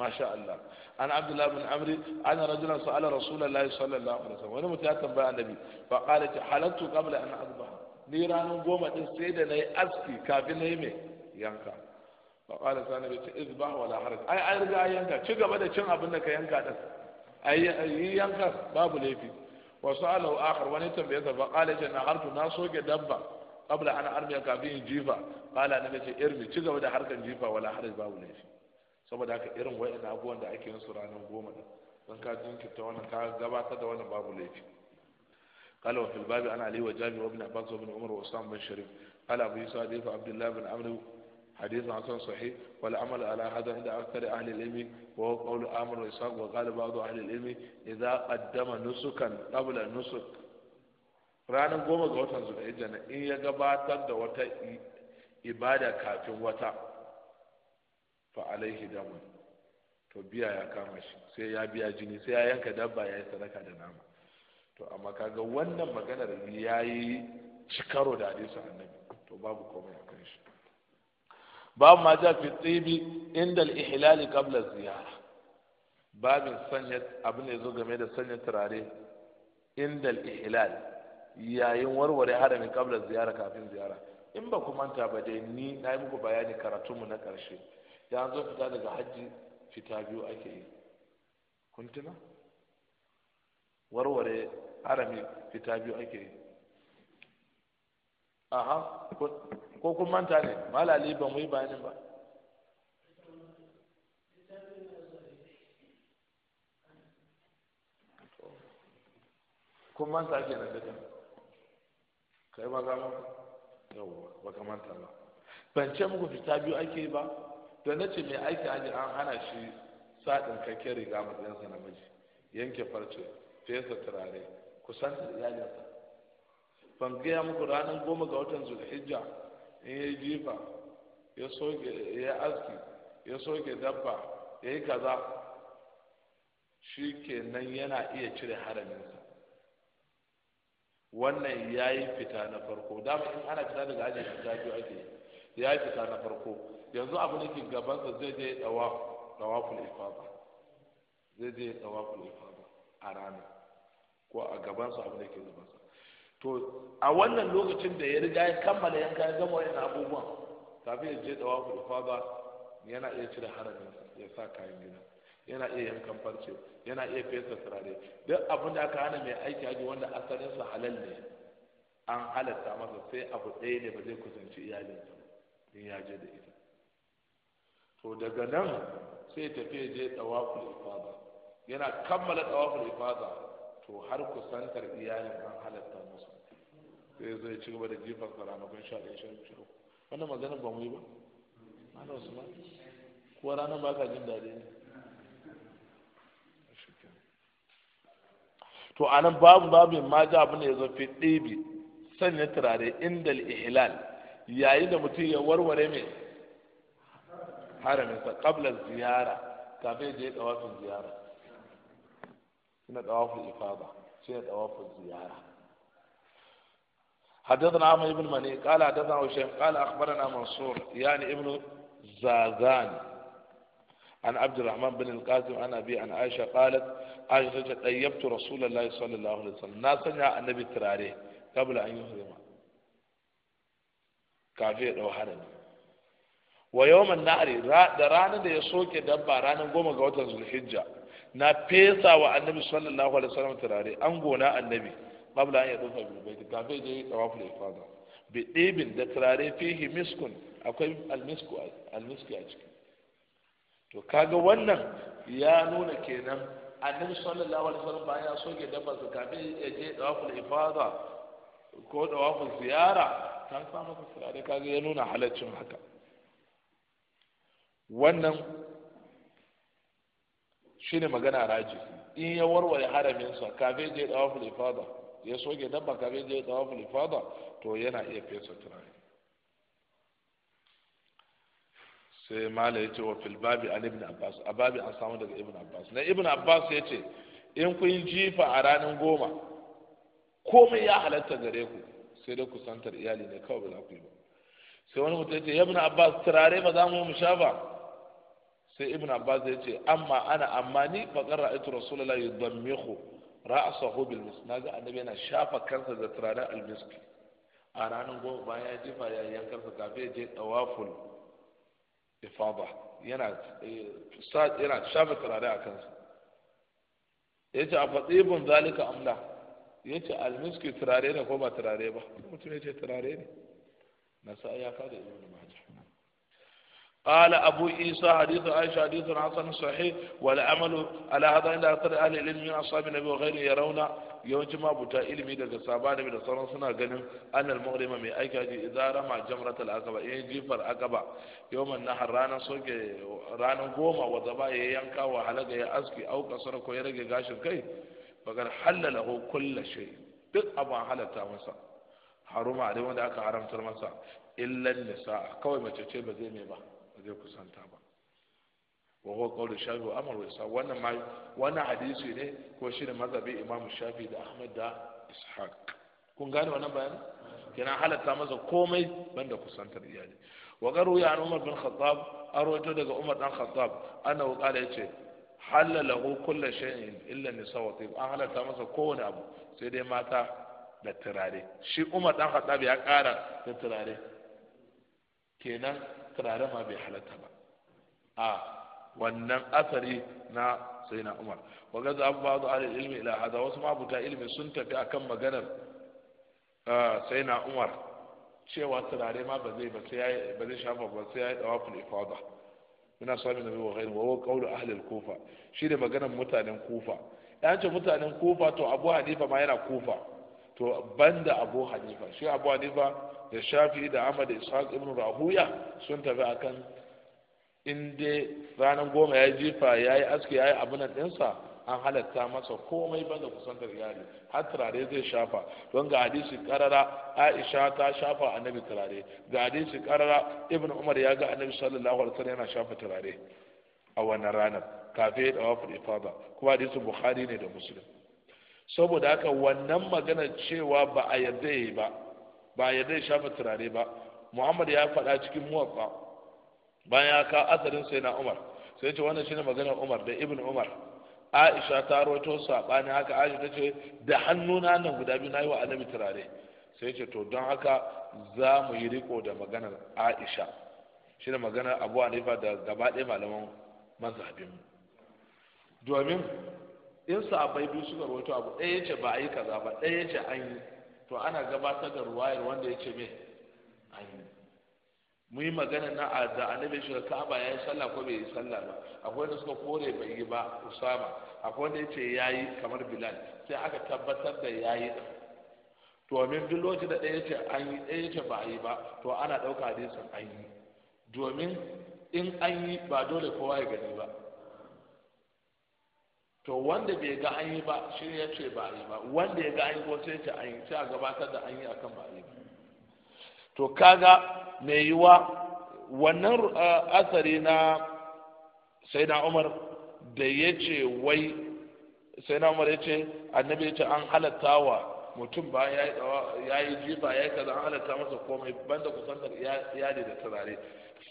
ما شاء الله عن عبد الله بن عمري أنا رجلا سأل رسول الله صلى الله عليه وسلم وأنا متأتم بها النبي فقالت حلقت قبل أن أذبح ni ranar goma din sai da na yi aski kafin na yi mai yanka ba ƙwada sani bai ce iz ba wala haraj ai an riga yanka ci gaba da cin abin da ka yanka din ai yanka babu laifi wasu alau akhar wani tambaye sa ba ƙala ce na harka na soke dabba qabla ana armiya kafin yin jifa ƙala na ce irmi ci gaba da harkan jifa wala haraj babu laifi saboda haka irin wa'in abubuwan da ake yin su ranar goma din don ka jinkirta wannan ka gabatar da wannan babu laifi قال وفي الباب عن علي وجابر وابن عباس وابن عمر واسلام بن شريف قال ابو يوسف حديث عبد الله بن عمرو حديث حسن صحيح والعمل على هذا عند اكثر اهل العلم وهو قول عامر واسحاق وقال بعض اهل العلم اذا قدم نسكا قبل نسك ranar goma ga watan zulhijja na in ya gabatar da wata ibada kafin wata fa alaihi damu to biya ya kama shi sai ya biya jini sai ya yanka dabba ya yi sadaka da nama to amma kaga wannan maganar yayi cikaro da hadisin annabi to babu komai a kan shi babu ma ja fi tsibi inda al-ihlal qabla ziyara babin sanya abin da zo game da sanya turare inda al-ihlal yayin warware haramin qabla ziyara kafin ziyara in ba ku manta ba dai ni na yi muku bayani karatunmu na ƙarshe ya zo fita daga hajji fita biyu ake yi kun tuna warware harami fita biyu ake yi aha ko kun manta ne malali ba mu yi bayanin ba kun manta ke nan da kai ma za mu yawwa ba ka manta ba ban ce muku fita biyu ake yi ba to na ce mai aiki aji an hana shi sadin kakkiyar riga matsayinsa na miji yanke farce fesa turare kusanta da iyalinsa ban gaya muku ranar goma ga watan zulhijja in ya jifa ya soke ya aski ya soke dabba ya yi kaza shi ke nan yana iya cire haraminsa wannan ya yi fita na farko dama in ana fita daga ajin fita biyu ake ya yi fita na farko yanzu abu ne ke gabansa zai je dawa dawa ba zai je dawa ba a ranar ko a su abin da ke su. to a wannan lokacin da ya riga ya kammala yanka ya gama wani abubuwan kafin ya je da wafu da fada yana iya cire haramin ya sa kayan gida yana iya yankan farce yana iya fesa turare duk abin da aka hana mai aiki aji wanda asalinsa halal ne an halatta masa sai abu ɗaya ne ba zai kusanci sa in ya je da ita to daga nan sai tafiya je tsawaful ifada yana kammala tsawaful ifada to har kusantar iyalin an halatta musu sai zai ci gaba da jifar da ranakun sha ɗaya sha biyu wanda magana ba mu yi ba ana wasu ba kuwa ranar ba ka jin daɗi ne to a nan babu babin ma ja abu ne ya zafi ɗebi sanya turare inda ihlal yayin da mutum ya warware mai haraminsa kabla ziyara kafin ya je ɗawafin ziyara سنة طواف الإفاضة سنة طواف الزيارة حدثنا عمر بن مني قال حدثنا هشام قال أخبرنا منصور يعني ابن زازان عن عبد الرحمن بن القاسم عن أبي عن عائشة قالت عائشة طيبت رسول الله صلى الله عليه وسلم ناسا النبي تراريه قبل أن يهرم كافية أو حرمي ويوم yawman na'ari da ranar دبا ya soke قوتا ranar الحجة na fesa wa annabi sallallahu alaihi wasallam turare an gona annabi qabla an yadufa bil bayt kafin je da ifada bi dibin da turare fihi miskun akwai almisku almiski a ciki to kaga wannan ya nuna kenan annabi sallallahu alaihi wasallam bayan ya soke dabba su kafin ya je da ifada ko tawaful ziyara kan sa masa turare kaga ya nuna halaccin haka wannan ne magana raji in ya warware haramin sa kafin zai dawo fulifada ya soke dabba kafin da dawo fulifada to yana iya fesa turai. sai mala ya ce wa filbabi an ibn abbas a babi an samu daga ibn abbas na ibn abbas ya ce in kun jifa a ranar goma komai ya halatta gare ku sai dai kusantar iyali ne kawai ba za ku yi ba sai wani mutum ya ce ya ibn abbas turare ba za mu mu sha ba sai ibn abbas ya ce amma ana amma ni fa qarra aitu rasulullahi yudammihu ra'sahu bil misk ga annabi yana shafa kansa da al almisk a ranar goma bayan ya jefa ya yankar sa kafin ya je tawaful ifada yana eh, yana shafa turare a kansa Ya ce a fatsibun zalika amla al almiski turare ne ko ba turare ba mutum ya ce turare ne nasa ya kada ibn majah قال أبو عيسى حديث عائشة حديث حسن صحيح والعمل على هذا ilimi أكثر أهل العلم من a النبي وغيره يرون yawanci mabuta ilimi daga sabani da sauran suna ganin annal mughrima mai aiki haji idan rama jamrat al aqaba yayin jifar aqaba yawman nahar ranar soke ranar goma wa zaba ya yanka wa halaga ya aski au kasar ko ya rage gashin kai bakar halala ko kulla shay duk abin halatta masa haruma da wanda aka haramtar masa illan nisa kawai mace ce ba zai mai ba zai kusanta ba wa huwa qawlu shafi wa amr wa isa wannan ma wannan hadisi ne ko shi ne mazhabi imam shafi da ahmad da ishaq kun gane wannan bayani Kina halatta masa komai banda kusantar iyali wa garu ya an umar bin khattab arwato daga umar dan khattab annahu qala yace halalahu kullu shay'in illa nisa wa tib an halatta masa kowane abu sai dai mata da turare shi umar dan khattab ya kara da turare kenan turare ma bai halatta ba a wannan asari na sai na umar wa za abu ba zuwa ilmi ila hada wasu mabuta ilmi sun tafi akan maganar sai na umar cewa turare ma ba zai ba zai shafa ba sai ya yi dawafin ifada ina sami nabi wa gairin wawo kaulu ahlil kufa shi da maganar mutanen kufa ya ce mutanen kufa to abu hanifa ma yana kufa to banda abu hanifa shi abu hanifa da shafi da ahmad ishaq ibn rahuya sun tafi akan in dai ranar goma ya jifa ya yi aski ya yi abinan ɗinsa an halatta masa komai ba da kusantar yari. har turare zai shafa don ga hadisi karara aisha ta shafa annabi turare ga hadisi karara ibn umar ya ga annabi sallallahu alaihi wasallam yana shafa turare a wannan ranar kafin ya dawa fudi kuma hadisi bukhari ne da muslim saboda haka wannan magana cewa ba a yarda ya yi ba ba ya dai shafa turare ba muhammad ya faɗa cikin muwaffa bayan ya ka asarin sai na umar sai ce wannan shine maganar umar da ibn umar aisha ta rawaito sabani haka aisha ta ce da hannuna nan guda biyu na yi wa annabi turare sai ce to don haka za mu yi riko da maganar aisha shi ne maganar abu hanifa da gaba ɗaya malaman mazhabin domin in sa bai biyu suka rawaito abu ɗaya ce ba a yi kaza ba ɗaya ce an yi to ana gabatar da ruwayar wanda ya ce me mu yi magana na a da annabi shi ba ya yi sallah ko bai yi sallah ba akwai wanda suka kore bai yi ba usama akwai wanda ya ya yi kamar bilal sai aka tabbatar da ya yi to domin duk da ɗaya ce an yi ɗaya ce ba a yi ba to ana ɗauka hadisin an yi domin in an yi ba dole kowa ya gani ba to wanda bai ga an yi ba shi ya ce ba yi ba wanda ya ga an yi ko sai ce an yi sai a gabatar da an yi akan ba yi ba to kaga mai yiwa wannan eh, asari na sai na umar da ya ce wai sai na umar ya ce annabi ya ce an halatta wa mutum ba ya yi jifa ya yi kaza an halatta masa komai banda kusantar iyali da turare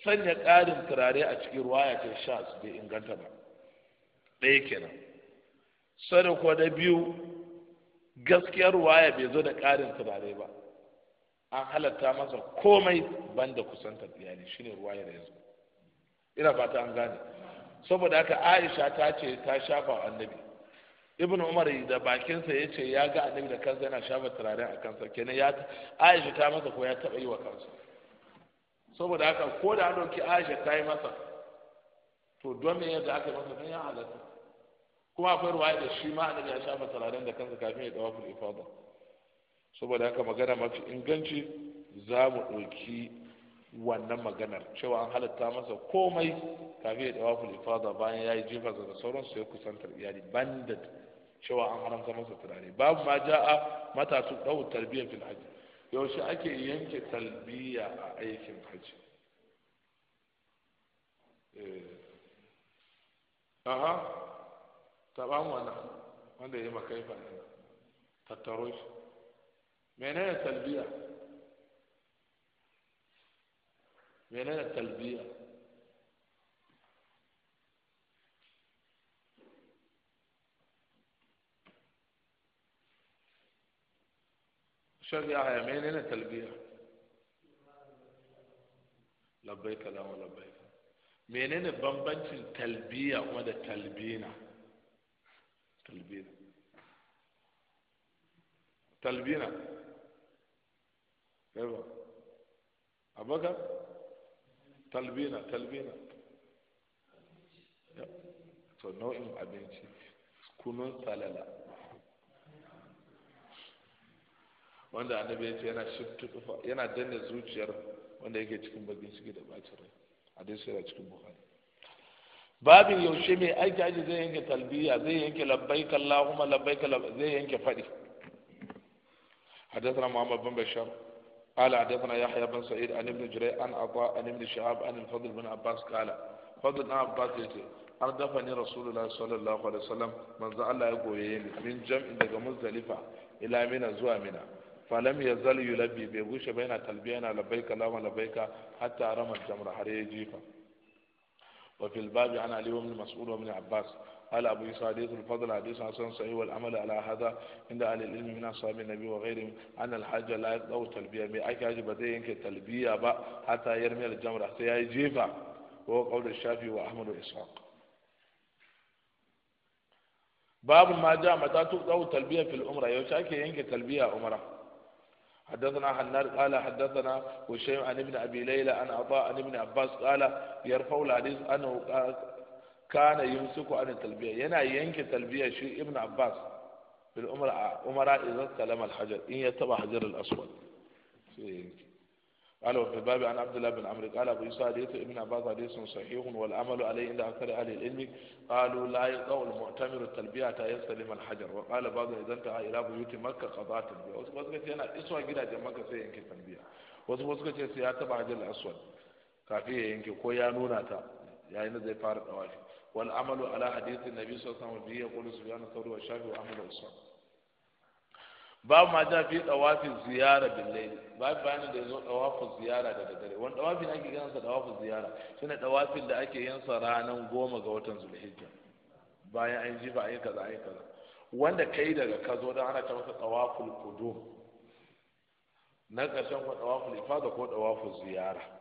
sanya ƙarin turare a cikin ruwa ya ce su bai inganta ba ɗaya kenan sadako na biyu gaskiyar waya bai zo da ƙarin turare ba an halatta masa komai banda kusantar iyali shine ruwaya da yanzu ina fata an gane saboda haka aisha ta ce ta shafa annabi ibn umar da bakinsa ya ce ya ga annabi da kansa yana shafa turaren a kansa kenan ya aisha ta masa ko ya taɓa yi wa kansa saboda haka ko da an ɗauki aisha ta yi masa to don me yadda aka masa don ya halatta kuma akwai ruwa da shi ma annabi ya shafa turaren da kansa kafin ya dawo fil ifada saboda haka magana mafi inganci za mu ɗauki wannan maganar cewa an halatta masa komai kafin ya dawo fil ifada bayan ya yi jifa da su ya kusantar iyali banda cewa an haramta masa turare babu ma ja'a matasu ɗau tarbiyyar fil haji yaushe ake yanke talbiya a aikin hajji eh. aha تمام ولا وين دي مكيفة هنا تتروش من هنا تلبية من هنا تلبية شو يا مين هنا تلبية لبيك لا ولا لبيك منين بمبنش التلبية ولا تلبينا talbina talbina yawa abaka talbina talbina to nau'in abinci kunun salala wanda annabi ya ce yana shiftufa yana danne zuciyar wanda yake cikin bakin shige da bacin rai a dai sai cikin bukhari بابي yaushe mai aiki aji zai yanke talbiya zai yanke labbaik Allahumma labbaik zai yanke fadi حدثنا محمد بن بشار قال حدثنا يحيى بن سعيد عن ابن جرير عن عطاء عن ابن شهاب عن الفضل بن عباس قال فضل بن عباس يتي أردفني رسول الله صلى الله عليه وسلم من ذا الله يقول من جمع دقى مزدلفة إلى من زوى منا فلم يزل يلبي بيغوش بين تلبينا لبيك اللهم لبيك حتى رمى الجمر حريه جيفا وفي الباب عن علي بن مسعود وابن عباس قال أبو عيسى حديث الفضل حديث حسن صحيح والعمل على هذا عند أهل العلم من أصحاب النبي وغيرهم أن الحاج لا يقضوا تلبية ما أكاج بدي إنك تلبية با حتى يرمي الجمرة سيأي جيفة وهو قول الشافعي وأحمد وإسحاق باب ما جاء متى تقضوا تلبية في الأمرة يوشاكي ينك تلبية عمره حدثنا حناد قال حدثنا هشيم عن ابن ابي ليلى عن عطاء عن ابن عباس قال يرفع الحديث انه كان يمسك عن التلبيه ينا ينكي تلبيه شيء ابن عباس في الامراء اذا استلم الحجر ان يتبع حجر الاسود في قال وفي الباب عن عبد الله بن عمرو قال ابو يوسف حديث ابن عباس حديث صحيح والعمل عليه عند اكثر اهل العلم قالوا لا يقطع المعتمر التلبيه حتى يستلم الحجر وقال بعض اذا انتهى الى بيوت مكه قضاء wasu wasu kace yana iswa gidajen maka sai yanke tambiya wasu wasu kace sai ya taba hajjal aswad kafin ya yanke ko ya nuna ta yayin da zai fara dawafi wal amalu ala hadithin nabi sallallahu alaihi babu ma jafi dawafin ziyara billahi layl babu bayani da yazo dawafin ziyara da dare wani tawafin ake ganin sa dawafin ziyara shine dawafin da ake yin sa ranan goma ga watan zulhijja bayan an jifa ayi kaza ayi kaza wanda kai daga ka zo dan ana ta masa tawaful qudum na ƙarshen ko tawaful ifada ko dawafin ziyara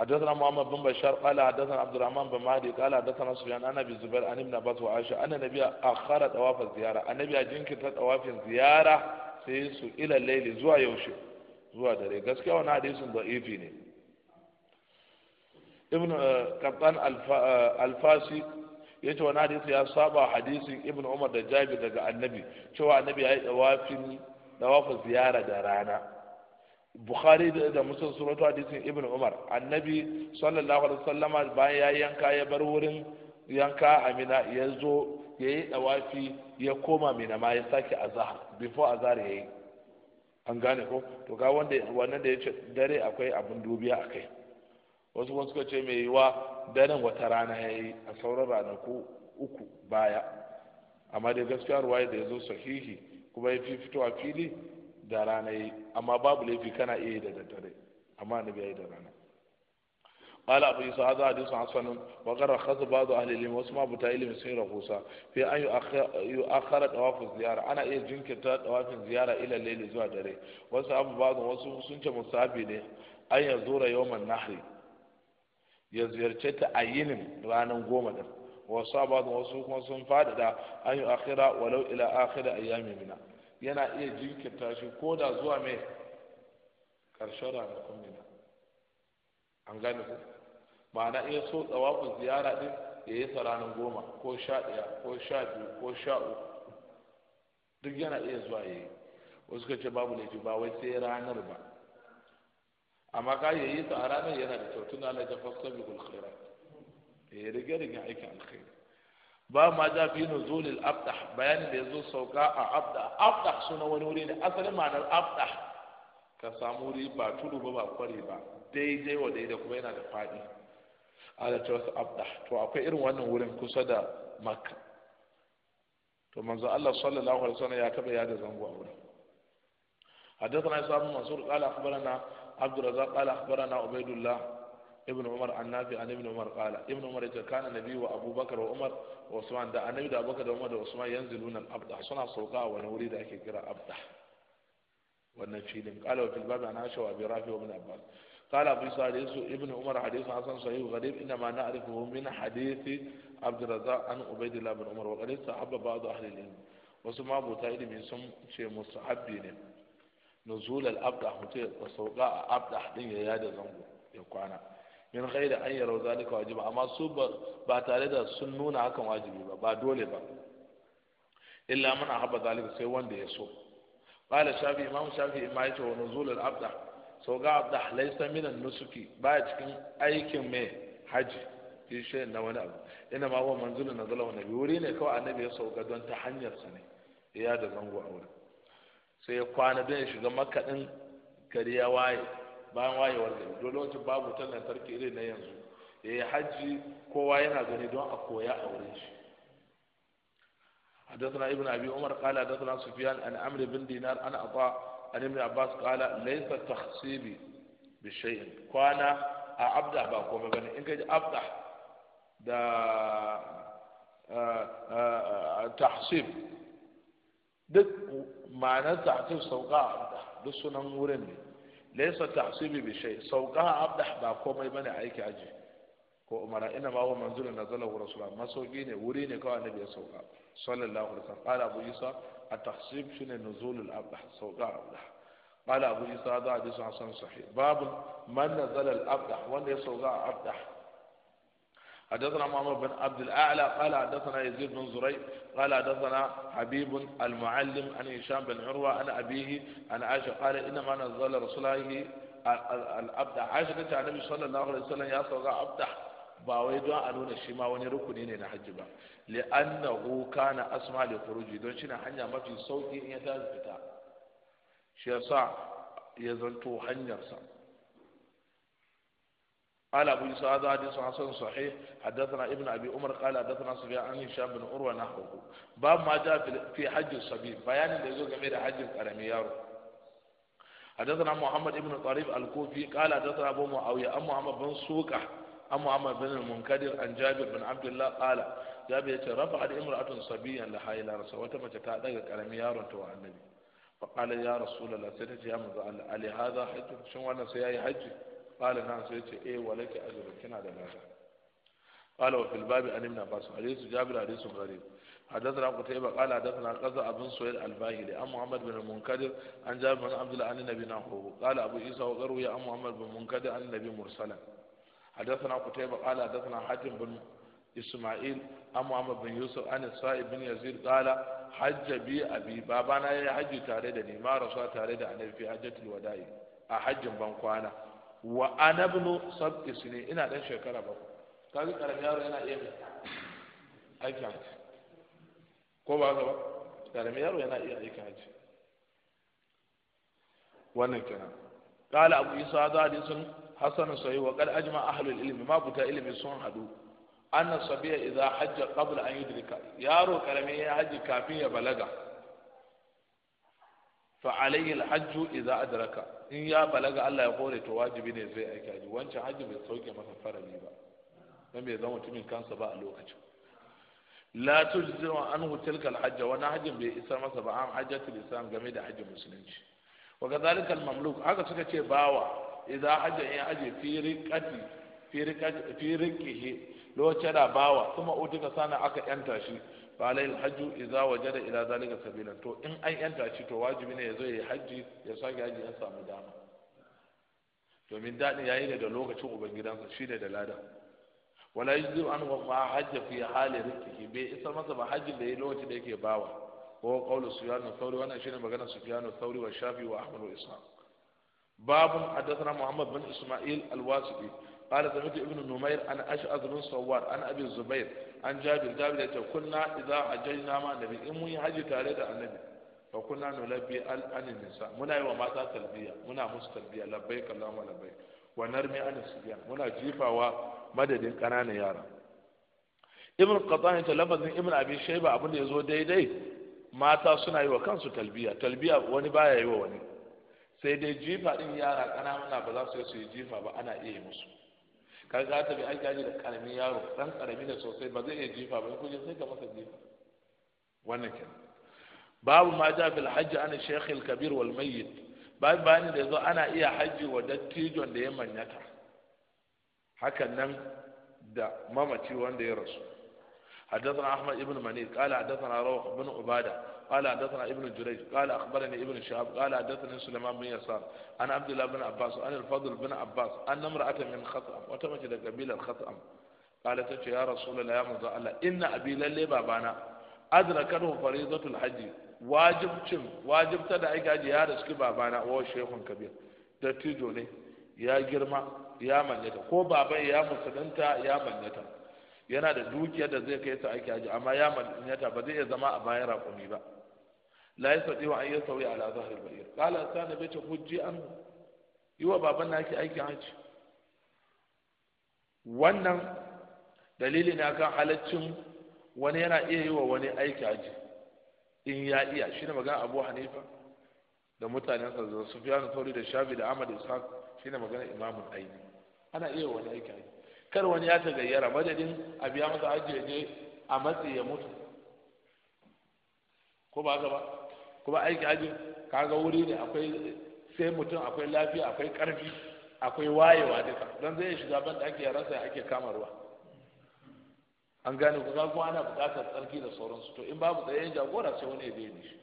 حدثنا محمد بن بشار قال حدثنا عبد الرحمن بن مهدي قال حدثنا سفيان عن ابي الزبير عن ابن عباس وعائشه ان النبي اخر طواف الزياره النبي اجنكر طواف الزياره سيسو الى الليل زوا يوشي زوا dare gaskiya wannan hadisin da'ifi ne ibn qattan al-fasi yace wannan hadisi ya saba hadisin ibn umar da jabir daga annabi cewa annabi ya yi tawafin tawafin ziyara da rana bukhari da musul suratu hadisin ibn umar annabi sallallahu alaihi wasallama bayan ya yanka ya bar wurin yanka amina ya zo ya yi dawafi ya koma mina ma ya sake azhar before azhar ya yi an gane ko to ga wanda wannan da ya ce dare akwai abin dubiya a kai wasu kuma suka ce mai yiwa daren wata rana ya yi a sauran ranaku uku baya amma da gaskiya ruwaya da ya zo sahihi kuma ya fi fitowa fili da rana yi amma babu laifi kana iya yi da daddare amma na ya yi da rana قال أبو يوسف هذا حديث حسن وقد رخص بعض أهل العلم وسمع بتاع العلم سن رخوصا في أن يؤخر طواف الزيارة أنا إيه جنكر طواف الزيارة إلى الليل زوا ta a بعض وسمع سنك مصابين أن يزور يوم النحر يزيرت أيين رانا قومة وصابت وسوق وسنفاد أن يؤخر ولو إلى آخر أيام منها yana iya jinkirta shi ko da zuwa mai ƙarshen ranakun mina an gane ku Ba na iya so tsawafin ziyara ɗin ya yi sa ranar goma ko sha ɗaya ko sha biyu ko sha uku duk yana iya zuwa ya yi wasu ka ce babu laifi ba wai sai ranar ba amma ka ya yi sa a ranar yana da kyau na ta fasta bi ya yi rige rige aikin alkhairi ba ma ja fi nuzulil abdah bayanin da yazo sauka a abdah abdah suna wani wuri ne asalin ma'anar abdah ka samu wuri ba tudu ba ba kware ba daidai wa daidai kuma yana da fadi ala ta wasu abdah to akwai irin wannan wurin kusa da makka to manzo Allah sallallahu alaihi wasallam ya taba yada zango a wurin حدثنا إسحاق بن منصور قال أخبرنا عبد الرزاق قال أخبرنا عبيد الله ibn umar annabi an ibn umar qala ibn umar yace kana nabi wa abubakar wa umar wa usman da annabi da abubakar da umar da usman yanziluna al-abda suna sauka a wuri da ake kira abda wannan filin qala wa fil babi an asha wa bi rafi wa ibn abbas قال أبو صالح ابن عمر حديث حسن صحيح غريب إنما نعرفه من حديث عبد الرزاق عن عبيد الله بن عمر وقد استحب بعض أهل العلم wasu mabuta ilimi sun ce musu habbi ne nuzul al-abda mutum ya a abda ɗin ya zango ya kwana min ghairi an yarau zalika wajiba amma su ba tare da sun nuna hakan wajibi ba ba dole ba illa man ahabba zalika sai wanda ya so qala shafi imam shafi ma yace wa nuzul al abda so ga abda laysa min an nusuki Ba cikin aikin mai haji shi she na wani abu ina ma wa manzulun nazala wa nabi wuri ne kawai annabi ya sauka don ta hanyar sa ne ya da zango a wurin sai ya kwana don ya shiga makadin kariya waye bayan wayewar gari dole lokacin babu wutar lantarki irin na yanzu ya yi hajji kowa yana gani don a koya a wurin shi حدثنا ابن ابي عمر قال حدثنا سفيان عن عمرو بن دينار انا عطاء عن ابن عباس قال ليس التخصيب بشيء كان ابدع باكم بني ان كان ابدع ده tahsib duk ma'anar tahsib sauka duk sunan wurin ne laysa tahsibi bi shay a abdah ba komai bane aiki aji ko umara ina ma huwa manzulun nazalahu rasulullah masauki ne wuri ne kawai annabi ya sauka sallallahu alaihi wasallam qala abu isa at-tahsib shine nuzulul abdah sauqa abdah qala abu isa da hadisi hasan sahih babu manna zalal al wanda ya sauka abdah حدثنا محمد بن عبد الاعلى قال حدثنا يزيد بن زريع قال حدثنا حبيب المعلم عن هشام بن عروه عن ابيه عن عائشه قال انما نزل رسول الله الابد عائشه تنتهي عن النبي صلى الله عليه وسلم يا صغى ابدا ba wai don a nuna shi ma wani rukuni ne na hajji ba li'annahu kana asma li khuruji don shi hanya mafi sauki in ya tashi fita shi yasa ya zanto hanyarsa قال أبو يوسف هذا حديث حسن صحيح حدثنا ابن أبي عمر قال حدثنا سفيان عن هشام بن عروة نحوه باب ما جاء في حج الصبي بيان اللي يزوج غير حج الكرمي حدثنا محمد بن طريف الكوفي قال حدثنا أبو معاوية أم محمد بن سوكة أم محمد بن المنكدر عن جابر بن عبد الله قال جابر رفعت امرأة صبيا لها إلى رسول الله وتمتع ذلك كرمي يارو النبي فقال يا رسول الله سيدتي يا مزعل ألي هذا حج شو أنا سيأي حج qala na sai ce eh walaki ajrun kina da lada qala wa fil babi an ibn abbas hadithu jabir hadithu gharib حدثنا قتيبة قال حدثنا قزع بن سهيل الباهلي أم محمد بن المنكدر عن جابر بن عبد الله عن النبي نحوه قال أبو عيسى وغيره يا أم محمد بن المنكدر عن النبي مرسلا حدثنا قتيبة قال حدثنا حاتم بن إسماعيل أم محمد بن يوسف عن الصائب بن يزيد قال حج بي أبي بابانا يا حج تاريدني ما رسول تاريد تاردني في حجة الوداع أحج بن قوانا wa ana ibnu sab'i ina dan shekara ba ka ga karamin yaro yana iya aiki haji ko ba ga ba karamin yaro yana iya aiki haji wannan kenan قال أبو إيسى هذا حسن صحيح وقد أجمع أهل العلم ما بتا علم سون حدو أن الصبي إذا حج قبل أن يدرك يارو haji حج كافية بلغة fa alayhi alhajju idza adraka in ya balaga Allah ya kore to wajibi ne zai aika haji wancan haji bai sauke masa farali ba dan bai zama mutumin kansa ba a lokacin la tujzi'u anhu tilka alhajja wa hajjin bai isa masa ba an hajjatul islam game da hajjin musulunci wa kadhalika almamluk haka suka ce bawa idza hajja ya haji fi riqati fi riqati fi riqihi lokacin da bawa kuma utuka sana aka yanta shi fa hajju iza waje da ila zalika sabila to in an yanta shi to wajibi ne ya zo yayi hajji ya sake haji ya samu dama domin dadin yayi yi da lokacin ubangidansa shi ne da lada wala yujzu an wa ma hajja fi hali rizqihi bai isa masa ba hajji da yayi lokacin da yake bawa ko qawlu sufyan al wannan shine maganar sufyan al wa shafi wa ahmad wa Babu باب Muhammad bin Isma'il اسماعيل قال سمعت ابن نمير انا أشعث بن صوار انا ابي الزبير عن جابر جابر يقول كنا اذا حججنا مع النبي إمي حج تاريد النبي فكنا نلبي عن النساء منا وماتا تلبية منا مستلبية لبيك اللهم لبيك ونرمي عن السبيان منا جيفا ومدد كنان يارا ابن القطان تلفظ ابن ابي شيبه shayba يزو da yazo daidai mata suna yi wa kansu talbiya talbiya wani baya yi wa wani sai dai jifa din yara kanana ba za su yi jifa ka ga ta bi aiki aji da karamin yaro dan karami da sosai ba zai iya jifa ba kuje sai ka masa jifa wannan kenan babu ma ja bil hajji ana shaykh al kabir wal mayyit babu bani da zo ana iya hajji wa dattijon da ya manyata hakan nan da mamaci wanda ya rasu حدثنا أحمد بن منير قال حدثنا روح بن عبادة قال حدثنا ابن جريج قال اخبرني ابن شهاب قال حدثني سليمان بن يسار عن عبد الله بن عباس عن الفضل بن عباس ان امراه من خطأم وتمت da قبيله الخطأم قالت يا رسول الله يا منزل الله ان ابي للي بابانا أدركته فريضة الحج واجب cin wajibta da aika ji ya riski babana wa shehun kabir dattijo ne ya girma ya mallaka ko baban ya musulunta ya yana da dukiyar da zai kai ta aiki haji amma ya manyata. ba zai iya zama a bayan raƙumi ba la yastati'u an yi yasawi ala iya al-ba'ir qala kana bi hujji an yiwa baban na naki aikin haji wannan dalili na kan halaccin wani yana iya yi wa wani aiki haji in ya iya Shi na magana Abu Hanifa da mutanen sa da Sufyan Thawri da Shafi da Ahmad shi na magana imamun Aini ana iya wani aiki haji kar wani ya ta gayyara madadin a biya masa haji ya je a matsi ya mutu ko ba haka ba kuma aiki aji kaga wuri ne akwai sai mutum akwai lafiya akwai karfi akwai wayewa duka don zai shiga ban da ake rasa ya ake kama ruwa an gane ku kuma ana buƙatar tsarki da sauransu to in babu tsayayen jagora sai wani ya daina shi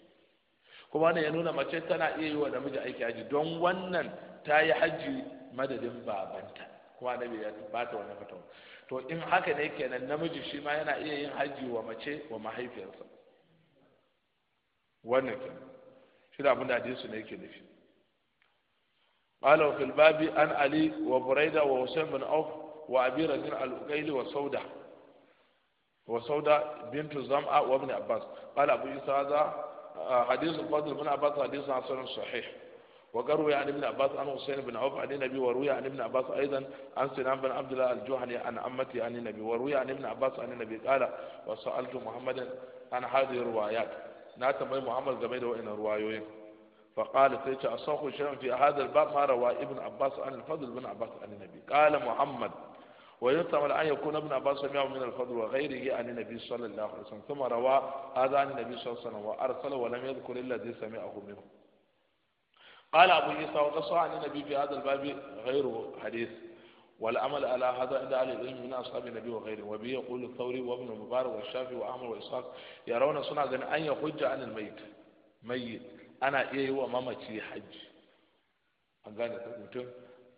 kuma ne ya nuna mace tana iya yi wa namiji aiki aji don wannan ta yi hajji madadin babanta kuma na ya ba ta wani fatawa to in haka ne kenan namiji shi ma yana iya yin hajji wa mace wa mahaifiyarsa wannan ke shi da abin da hadisi ne yake nufi قال وفي الباب عن علي وبريدة وحسين بن عوف وأبي رزين الأقيل وسودة وسودة بنت زمعة وابن عباس قال أبو يوسف هذا حديث الفضل بن عباس حديث حسن صحيح وقروي عن ابن عباس عن حسين بن عوف عن النبي وروي عن ابن عباس أيضا عن سنان بن عبد الله الجهني عن عمتي عن النبي وروي عن ابن عباس عن النبي قال وسألت محمدا عن هذه الروايات na tambayi muhammad game da wa'annan ruwayoyin فقال سيدنا أصح شيء في هذا الباب ما روى ابن عباس عن الفضل بن عباس عن النبي قال محمد ويحتمل أن يكون ابن عباس سمع من الفضل وغيره عن النبي صلى الله عليه وسلم ثم روى هذا عن النبي صلى الله عليه وسلم وأرسل ولم يذكر إلا الذي سمعه منه قال أبو عيسى وقص عن النبي في هذا الباب غير حديث والعمل على هذا عند اهل العلم من اصحاب النبي وغيره وبه يقول الثوري وابن المبارك والشافعي واحمد واسحاق يرون صنع ان يخج عن الميت ميت انا ايه هو ماما تشي حج ان قال لك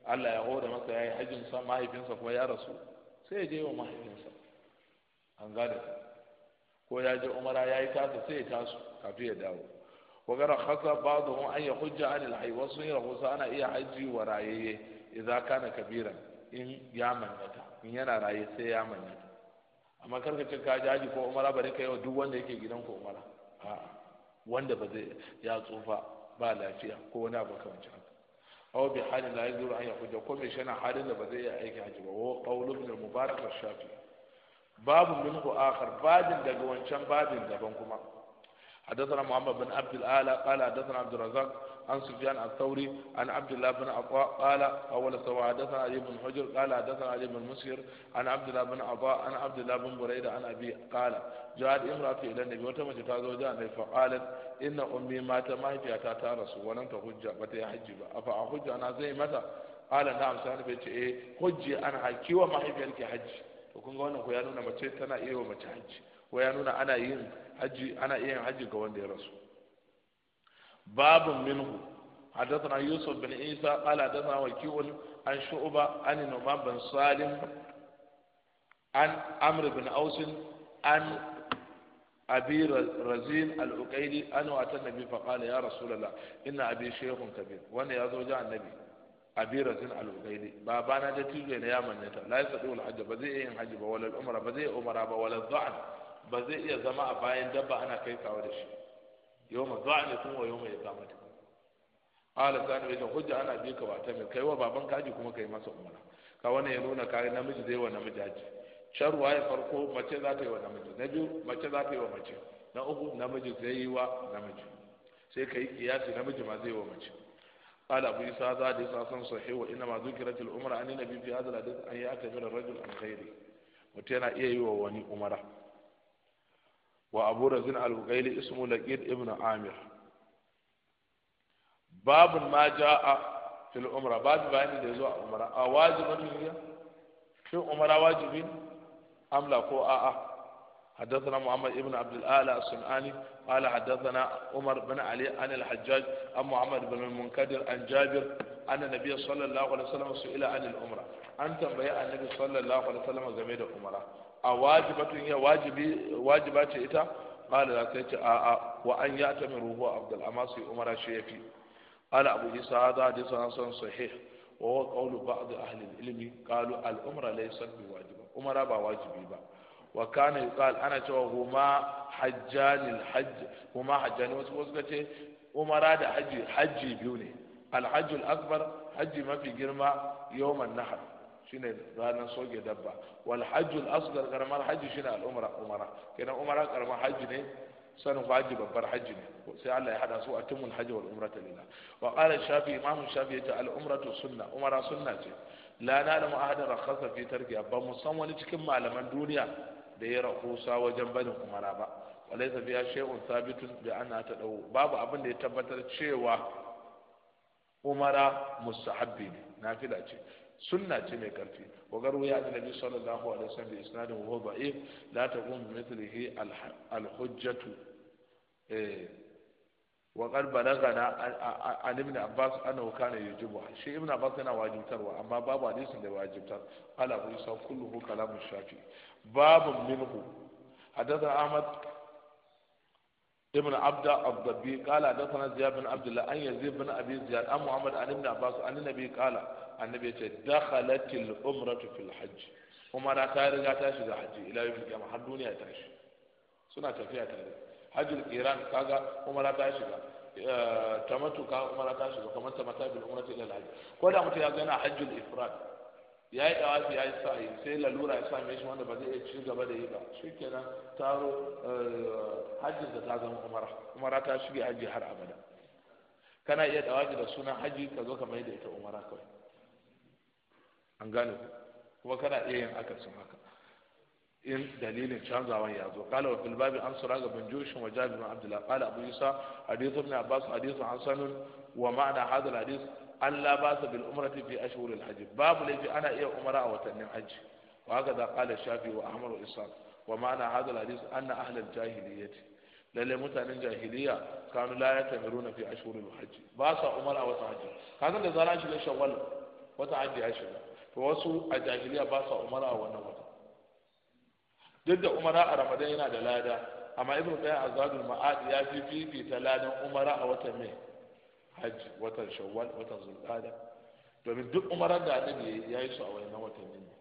الله يغور ما كان يحج ما هي بينصف كما يا رسول سيجي هو ما بينصف ان قال لك ko ya je umara yayi tasu sai tasu kafin ya dawo wagara khasa ba'dhum ان yahujja 'ala al-hayy wa sunna ana iya haji wa ra'ayye in ya manyata in yana raye sai ya manyata amma karka ce ka jaji ko umara bari ka yau duk wanda yake gidan ko umara a'a wanda ba zai ya tsufa ba lafiya ko wani abu kan wancan aw bi halin la yuzuru an yahuja ko me shana halin da ba zai yi aiki haji ba wa qawlu ibn al-mubarak shafi babu ko akhar babin daga wancan babin daban kuma حدثنا Muhammad bin Abdul الأعلى قال حدثنا عبد razzaq عن سفيان الثوري عن عبد الله بن عطاء قال أول سوى حدثنا علي بن حجر قال حدثنا علي بن مسهر عن عبد الله بن عطاء عن عبد الله بن بريدة عن أبي قال جاءت امرأة إلى النبي وتمت تازوج النبي فقالت إن أمي مات ما هي فيها رسول ولم تحج بتي حج أفأحج أنا زي متى قال نعم سأل بيتي إيه حجي أنا حكي وما هي فيها حج وكن قولنا هو يانونا ما تشيت أنا إيه وما تحج ويانونا أنا إيه حجي أنا إيه حجي قوان دي رسول باب منه حدثنا يوسف بن عيسى قال حدثنا وكيع عن شعبة عن نعمان بن سالم عن عمرو بن أوس عن أبي رزين الأكيدي أنا أتى النبي فقال يا رسول الله إن أبي شيخ كبير وأنا يزوج النبي أبي رزين الأكيدي بابانا جتيجي يا من يتا لا يستطيع الحج بزي إن حج ولا الأمر بزي أمر ولا الضعن بزي يا زماء باين دبا أنا كيف أولي شيء zuwa yawma za'alikum wa yawma ala qala bai bin hujja ana bi ka ba ta mai wa baban kaji kuma kai masa umara ka wani ya nuna kare namiji zai wa namiji haji sharwa ya farko mace za ta yi wa namiji na biyu mace za ta yi wa mace na uku namiji zai yi wa namiji sai ka yi kiyasi namiji ma zai wa mace قال أبو إسحاق هذا حديث حسن صحيح وإنما ذكرت الأمر عن النبي في هذا الحديث أن يعتبر الرجل عن غيره متينا إيه ووني أمره وأبو رزين الوغيلي اسمه لقيد ابن عامر باب ما جاء في الأمرة باب بيان da zuwa umara من هي شو في umara ام لا la ko آه، آه. حدثنا محمد ابن عبد الآلة الصنعاني قال حدثنا عمر بن علي عن الحجاج عن محمد بن المنكدر عن جابر أن النبي صلى الله عليه وسلم سئل عن الأمرة أنت بيان النبي صلى الله عليه وسلم زميل عمره a wajibatun ya wajibi wajiba ce ita qala la sai ce a a wa an ya ta min ruhu afdal amma sai umara shi yafi qala abu isa hada hadisi hasan sahih wa huwa qawlu ba'd ahli al-ilmi qalu al-umra laysa bi wajiba umara ba wajibi ba wa kana yuqal ana cewa huma hajjan al-hajj huma hajjan wasu wasu kace umara da haji haji biyu ne al-hajj al-akbar haji mafi girma yawman nahar shine ranar soge dabba wal hajjul asgar karamar hajji shine al'umra umara kenan umara karamar hajji ne sanin hajji babbar hajji ne sai Allah ya hada su a timul hajji wal umrata lillah wa qala shafi imam shafi yace al umratu sunna umara sunna ce la na'lamu ahadan rakhasa fi tarkiha ba musan wani cikin malaman duniya da ya rahusa wajen barin umara ba walaysa biya shay'un thabitun bi ta tadawu babu abin da ya tabbatar cewa umara mustahabbi ne fila ce sunna ce mai karfi wa garu ya da nabi sallallahu alaihi wasallam bi isnadin huwa da'if la taqum bi mithlihi al hujjatu eh, wa qad balagana an ibn abbas annahu kana yujibu shi ibn abbas yana wajibtarwa amma babu hadisin da wajibtar ala bu sa kulluhu kalamu shafi babu minhu hadatha ahmad ابن عبد الضبي قال حدثنا زياد بن عبد الله ان يزيد بن ابي زياد Muhammad محمد عن ابن عباس عن النبي قال annabi ya ce dakhalatil umratu fil hajj umara ta riga ta shiga haji ila yawmil qiyamah har duniya ta shi suna tafiya tare hajjul iran kaga umara ta shiga eh, tamattu ka umara ta shiga kamar tamata bil umrati ila hajj ko da mutum ya ga yana hajjul ifrad ya yi dawafi ya yi sa'i sai lalura ya same shi wanda ba zai iya ci gaba da yi ba shikenan taro eh, hajjin da ta zama umara umara ta shige haji har abada kana iya dawafi da sunan haji ka zo ka mai da ita umara kawai an gane ku kuma kana iya yin akasin haka in dalilin canzawan ya zo kala wa fil babi an sura ga banjoshin wa jabir Abdullahi. Kala abu yusa hadithu ibn abbas hadithu hasan wa ma'na hadha hadith an la ba'sa bil umrati fi ashhur al hajj babu laifi ana iya umara a watannin hajji wa haka da kala shafi wa ahmad wa ishaq wa ma'ana hadha hadith anna ahla al jahiliyyati lalle mutanen jahiliya kanu la yatamiruna fi ashhur al hajj ba sa umara a wata hajji kaga da zara shi shawwal wata hajji ya shiga to wasu a jahiliya ba sa umara a wannan wata duk da umara a ramadan yana da lada amma ibnu qayyim azadul ma'ad ya fi fifita ladan umara a watan mai hajji watan shawwal watan zulqa'da domin duk umarar da annabi ya yi su a wannan watan ne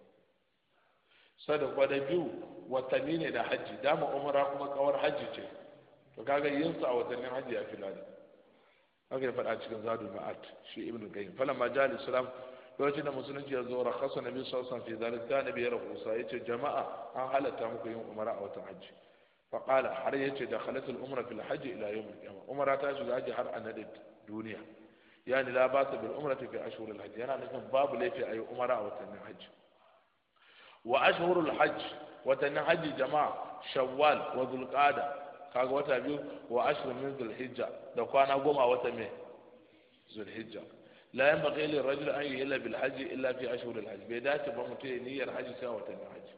sai da biyu watanni ne da hajji dama umara kuma kawar hajji ce to kaga yin sa a watannin hajji ya fi lada haka ya faɗa cikin zadul ma'ad shi ibnu qayyim falamma jali salam lokacin da musulunci ya zo rakhasa nabi sallallahu alaihi wasallam fi zalika kana bi Ya ce jama'a an halatta muku yin umara a watan hajji fa har ya ce da khalatul umra fil hajj ila yawm al qiyamah umara ta shiga hajji har anadin duniya Ya ni la ba bil ta fi ashhur al hajj yana nufin babu laifi a ayi umara a watannin hajji wa ashhur al hajj watannin hajji jama'a shawwal wa zulqa'da kaga wata biyu wa ashhur min zulhijja da kwana goma wata mai zulhijja لا ينبغي للرجل أن يهل بالحج إلا في أشهر الحج بدايه بمتي نية الحج سوى الحج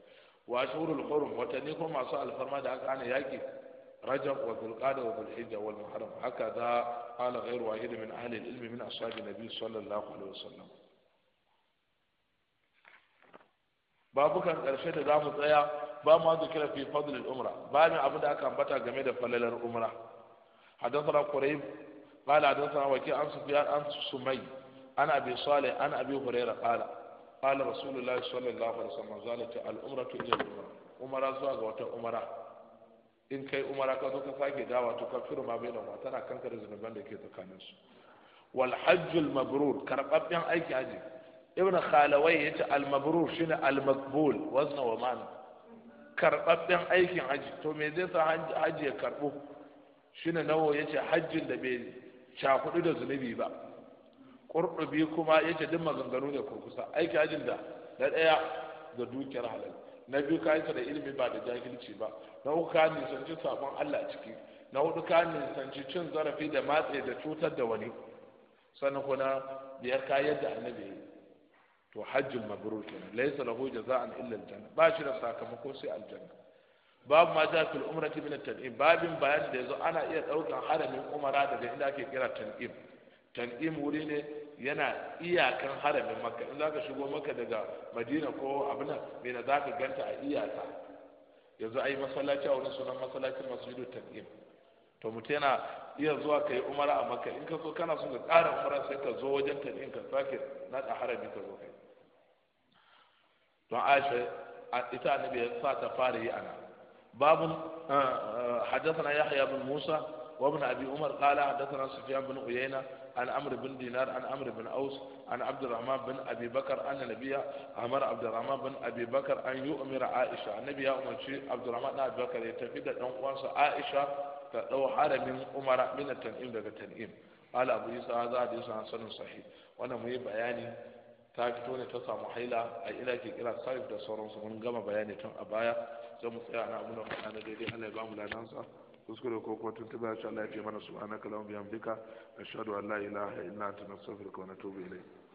وأشهر الحرم وتنيكم مع صاحب الفرما ده انا ياكي رجب وفي القادة وفي الحجة والمحرم هكذا قال غير واحد من أهل العلم من أصحاب النبي صلى الله عليه وسلم بابك أن أرشيت دام الضياء بما ذكر في فضل الأمرة بابي أبدا كان بطا جميل فلل الأمرة حدثنا قريب قال حدثنا وكي أنصف يا أنصف سمي ana abi salih ana abi hurairah qala qala rasulullahi sallallahu alaihi wasallam zalatu al umratu ila al umra umara zuwa ga wata umara in kai umara ka zo ka sake dawa to kafiru ma bai da ma tana kankare zunuban da ke tsakanin su wal hajjul mabrur karbabben aiki aji ibn khalawai yace al mabrur shine al maqbul wazna wa ma'ana karbabben aikin aji to me zai sa haji ya karbo shine nawo yace hajjin da bai cakudu da zunubi ba qurtubi kuma yace duk maganganu ne kurkusa aiki ajin da na ɗaya ga dukiyar halal na biyu ka yi da ilimi ba da jahilci ba na uku ka nisanci sabon Allah ciki na hudu ka nisanci cin zarafi da matse da cutar da wani sannan kuna biyar ka yadda annabi yi to hajjin mabruki ne laisa lahu jaza'an illa aljanna ba shi da sakamako sai aljanna babu ma ja fil umrati min at-tan'im babin bayan da yazo ana iya daukan haramin umara daga inda ake kira tan'im tan'im wuri ne yana iyakan haramin makka in zaka shigo maka daga madina ko abin na za ka ganta a iyaka yanzu ai masallaci a wurin sunan masallacin masjidu tan'im to mutum yana iya zuwa ka yi umara a makka in ka so kana so ƙara umara sai ka zo wajen tan'im ka sake naɗa harami ka zo kai don aisha ita annabi ya sa ta fara yi ana babu na yahya bin Musa. وابن أبي عمر قال حدثنا سفيان بن عيينة عن عمرو بن دينار عن عمرو بن أوس عن عبد الرحمن بن أبي بكر أن النبي أمر عبد الرحمن بن أبي بكر أن يؤمر عائشة النبي يا عبد الرحمن بن أبي بكر يتفيد أن عائشة فلو حرم أمر من التنئيم دقى التنئيم قال أبو يسا هذا حديث حسن صحيح وأنا مهي بياني ta fito ne ta samu haila a ila ke kira sarif da sauransu mun gama bayani tun a baya zan mu tsaya na abu na faɗa na daidai Allah ya ba mu ladansa kuskure da ko tuntuba insha Allah ya ce mana subhanaka lahum bihamdika ashhadu an la ilaha illa anta nastaghfiruka wa natubu ilayk